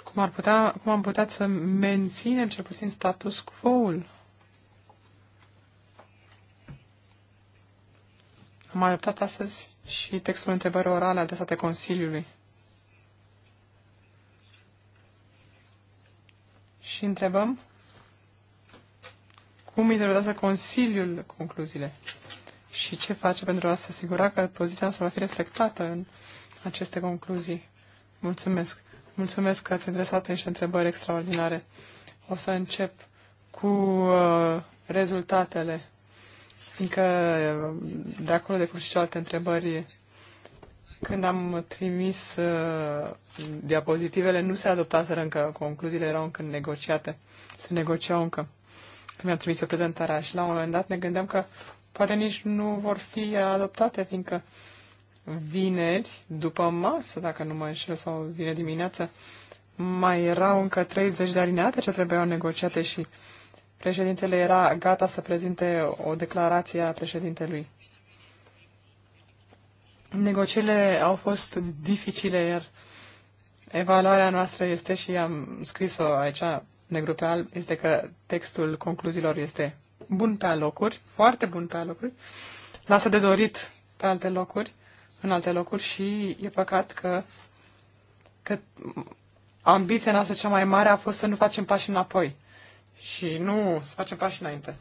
Speaker 3: Cum, ar putea, cum am putea să menținem cel puțin status quo-ul? Am adoptat astăzi și textul întrebării orale adresate Consiliului. Și întrebăm cum interpretează Consiliul concluziile și ce face pentru a se asigura că poziția să va fi reflectată în aceste concluzii. Mulțumesc. Mulțumesc că ați adresat niște întrebări extraordinare. O să încep cu uh, rezultatele, fiindcă uh, de acolo de și alte întrebări. Când am trimis uh, diapozitivele, nu se adoptaseră încă, concluziile erau încă negociate, se negociau încă. Când mi-am trimis o prezentare și la un moment dat ne gândeam că poate nici nu vor fi adoptate, fiindcă vineri, după masă, dacă nu mă înșel, sau vine dimineață, mai erau încă 30 de alineate ce trebuiau negociate și președintele era gata să prezinte o declarație a președintelui. Negocierile au fost dificile, iar evaluarea noastră este și am scris-o aici negru pe alb, este că textul concluziilor este bun pe alocuri, foarte bun pe alocuri, lasă de dorit pe alte locuri, în alte locuri și e păcat că, că ambiția noastră cea mai mare a fost să nu facem pași înapoi și nu să facem pași înainte.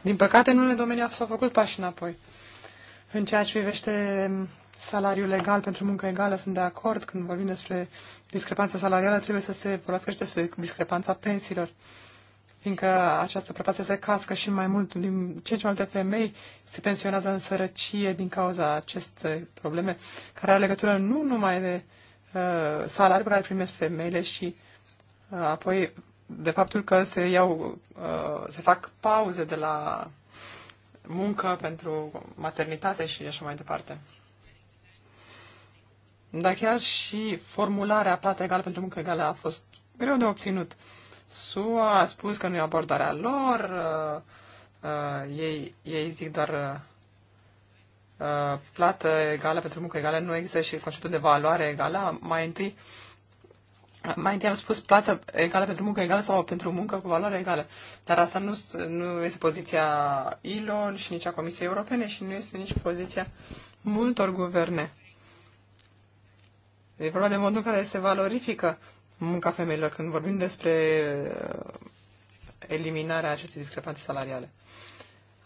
Speaker 3: Din păcate, în unele domenii s-au făcut pași înapoi. În ceea ce privește salariul legal pentru muncă egală, sunt de acord. Când vorbim despre discrepanța salarială, trebuie să se vorbească și despre discrepanța pensiilor fiindcă această preparație se cască și mai mult, din ce ce mai multe femei se pensionează în sărăcie din cauza acestei probleme, care are legătură nu numai de uh, salariul pe care primesc femeile și uh, apoi de faptul că se iau, uh, se fac pauze de la muncă pentru maternitate și așa mai departe. Dar chiar și formularea plată egală pentru muncă egală a fost greu de obținut. Uh, SUA a spus că nu e abordarea lor, uh, uh, ei, ei zic doar uh, uh, plată egală pentru muncă egală, nu există și conceptul de valoare egală. Mai întâi, mai întâi am spus plată egală pentru muncă egală sau pentru muncă cu valoare egală. Dar asta nu, nu este poziția ILO și nici a Comisiei Europene și nu este nici poziția multor guverne. E vorba de modul în care se valorifică munca femeilor când vorbim despre uh, eliminarea acestei discrepanțe salariale.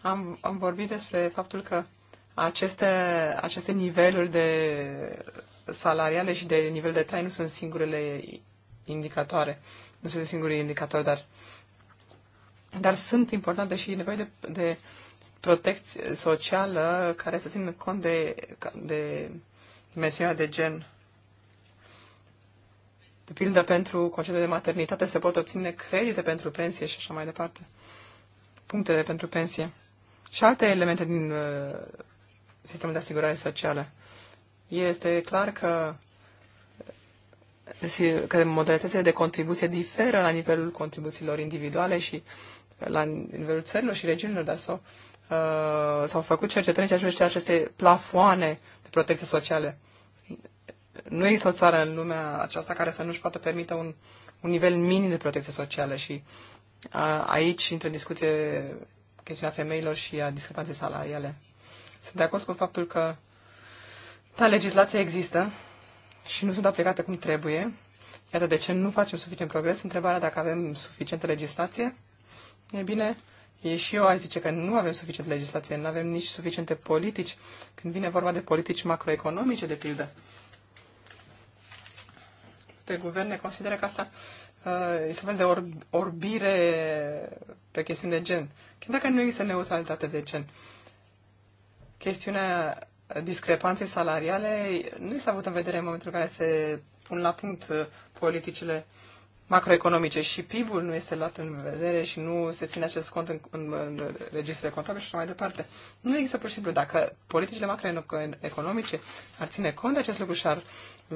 Speaker 3: Am, am vorbit despre faptul că aceste, aceste niveluri de salariale și de nivel de trai nu sunt singurele indicatoare, nu sunt singurii indicatori, dar, dar sunt importante și nevoie de, de protecție socială care să țină cont de, de dimensiunea de gen de pildă pentru concediu de maternitate, se pot obține credite pentru pensie și așa mai departe, punctele pentru pensie și alte elemente din uh, sistemul de asigurare socială. Este clar că uh, că modalitățile de contribuție diferă la nivelul contribuțiilor individuale și uh, la nivelul țărilor și regiunilor, dar s-au, uh, s-au făcut cercetări și aceste plafoane de protecție socială nu există o țară în lumea aceasta care să nu-și poată permite un, un nivel minim de protecție socială și a, aici intră în discuție chestiunea femeilor și a discrepanței salariale. Sunt de acord cu faptul că ta da, legislația există și nu sunt aplicate cum trebuie. Iată de ce nu facem suficient progres. Întrebarea dacă avem suficientă legislație. E bine, e și eu aș zice că nu avem suficientă legislație, nu avem nici suficiente politici. Când vine vorba de politici macroeconomice, de pildă, de guverne consideră că asta uh, este un fel de or, orbire pe chestiuni de gen. Chiar dacă nu există neutralitate de gen. Chestiunea discrepanței salariale nu s-a avut în vedere în momentul în care se pun la punct uh, politicile macroeconomice și PIB-ul nu este luat în vedere și nu se ține acest cont în, în, în registrele contabile și așa mai departe. Nu există pur și simplu. Dacă politicile macroeconomice ar ține cont de acest lucru și ar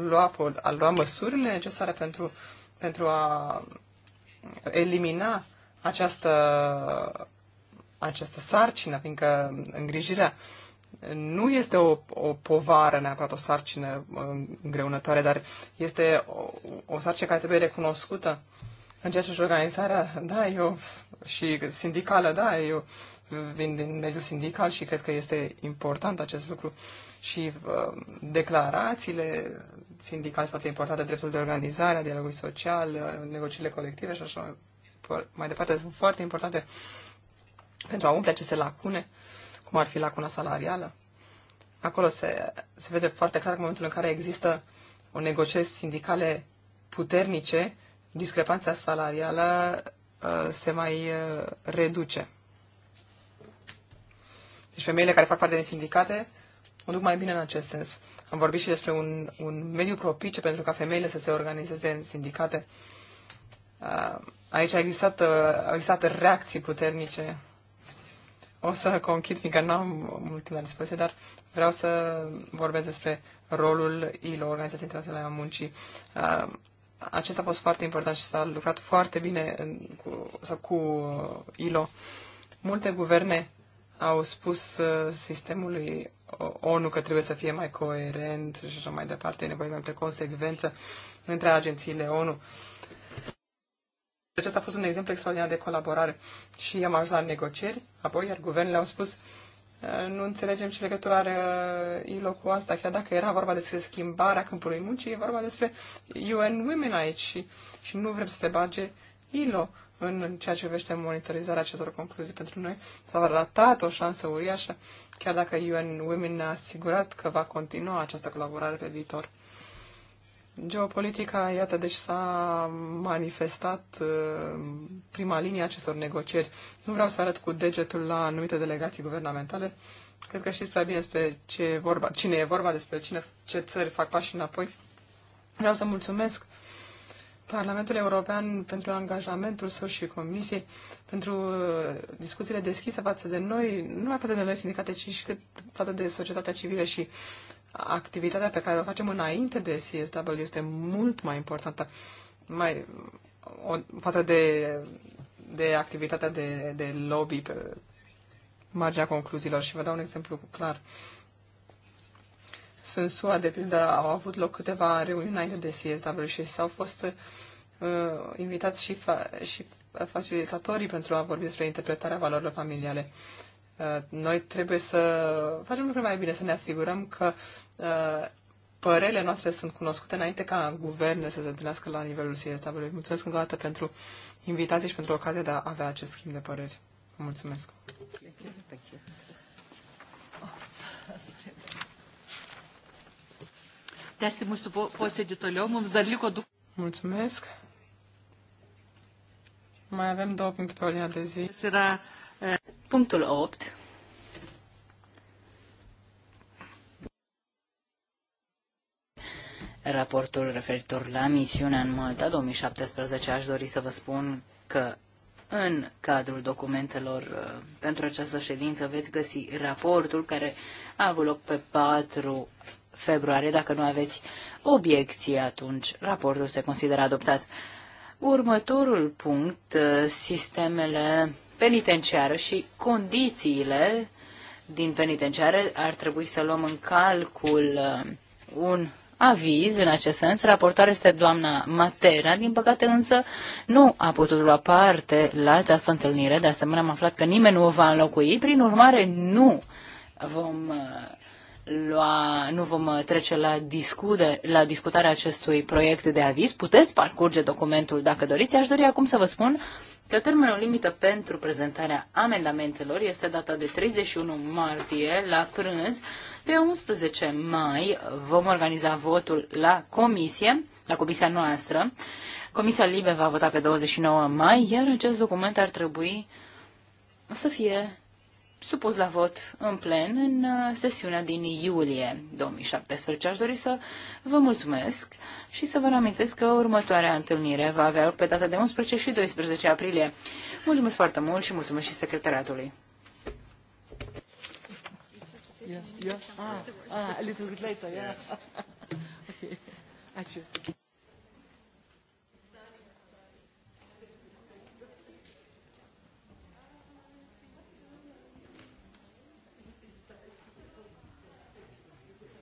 Speaker 3: lua, a lua măsurile necesare pentru, pentru a elimina această, această sarcină, fiindcă îngrijirea nu este o, o povară neapărat, o sarcină um, îngreunătoare, dar este o, o sarcină care trebuie recunoscută în ceea ce și organizarea, da, eu și sindicală, da, eu vin din mediul sindical și cred că este important acest lucru. Uh, și uh, declarațiile sindicale sunt foarte importante, dreptul de organizare, dialogul social, uh, negocierile colective și așa mai departe sunt foarte importante pentru a umple aceste lacune, cum ar fi lacuna salarială. Acolo se, se vede foarte clar că în momentul în care există o negocieri sindicale puternice, discrepanța salarială uh, se mai uh, reduce. Deci femeile care fac parte din sindicate mă duc mai bine în acest sens. Am vorbit și despre un, un mediu propice pentru ca femeile să se organizeze în sindicate. Uh, aici a existat, uh, a existat reacții puternice. O să conchid, fiindcă nu am mult timp la dispoziție, dar vreau să vorbesc despre rolul ILO, Organizației Internaționale a Muncii. Uh, acesta a fost foarte important și s-a lucrat foarte bine în, cu, sau cu ILO. Multe guverne au spus sistemului ONU că trebuie să fie mai coerent și așa mai departe, e nevoie de mai multă consecvență între agențiile ONU. Deci Acesta a fost un exemplu extraordinar de colaborare și am ajuns la negocieri, apoi iar guvernele au spus nu înțelegem ce legătură are ILO cu asta, chiar dacă era vorba despre schimbarea câmpului muncii, e vorba despre UN Women aici și, și nu vrem să se bage ILO în ceea ce vește monitorizarea acestor concluzii pentru noi. S-a ratat o șansă uriașă, chiar dacă UN Women ne-a asigurat că va continua această colaborare pe viitor. Geopolitica, iată, deci s-a manifestat uh, prima linie acestor negocieri. Nu vreau să arăt cu degetul la anumite delegații guvernamentale. Cred că știți prea bine despre ce e vorba, cine e vorba, despre cine, ce țări fac pași înapoi. Vreau să mulțumesc Parlamentul European pentru angajamentul său și Comisiei, pentru uh, discuțiile deschise față de noi, nu numai față de noi sindicate, ci și cât față de societatea civilă și activitatea pe care o facem înainte de CSW este mult mai importantă mai, o, față de, de activitatea de, de lobby pe marginea concluziilor. Și vă dau un exemplu clar sunt SUA, de pildă, au avut loc câteva reuniuni înainte de CSW și s-au fost uh, invitați și, fa- și facilitatorii pentru a vorbi despre interpretarea valorilor familiale. Uh, noi trebuie să facem lucruri mai bine, să ne asigurăm că uh, părerile noastre sunt cunoscute înainte ca guverne să se întâlnească la nivelul CSW. Mulțumesc încă o dată pentru invitații și pentru ocazia de a avea acest schimb de păreri. Mulțumesc! Thank you. Thank you tęsti mūsų posėdį toliau. Mums dar liko du. Mulțumesc. Mai avem două puncte pe ordinea de zi. Era punctul 8.
Speaker 1: Raportul referitor la misiunea în Malta 2017 aș dori să vă spun că în cadrul documentelor pentru această ședință veți găsi raportul care a avut loc pe 4 februarie. Dacă nu aveți obiecții, atunci raportul se consideră adoptat. Următorul punct, uh, sistemele penitenciare și condițiile din penitenciare ar trebui să luăm în calcul uh, un aviz în acest sens. Raportarea este doamna Matera, din păcate însă nu a putut lua parte la această întâlnire. De asemenea, am aflat că nimeni nu o va înlocui, prin urmare nu vom uh, lua, nu vom uh, trece la, discute, la discutarea acestui proiect de aviz. Puteți parcurge documentul dacă doriți. Aș dori acum să vă spun că termenul limită pentru prezentarea amendamentelor este data de 31 martie la prânz. Pe 11 mai vom organiza votul la comisie, la comisia noastră. Comisia Libe va vota pe 29 mai, iar acest document ar trebui să fie supus la vot în plen în uh, sesiunea din iulie 2017. Aș dori să vă mulțumesc și să vă reamintesc că următoarea întâlnire va avea loc pe data de 11 și 12 aprilie. Mulțumesc foarte mult și mulțumesc și secretariatului.
Speaker 3: Yeah, yeah. Ah, ah, a little bit later, yeah. okay.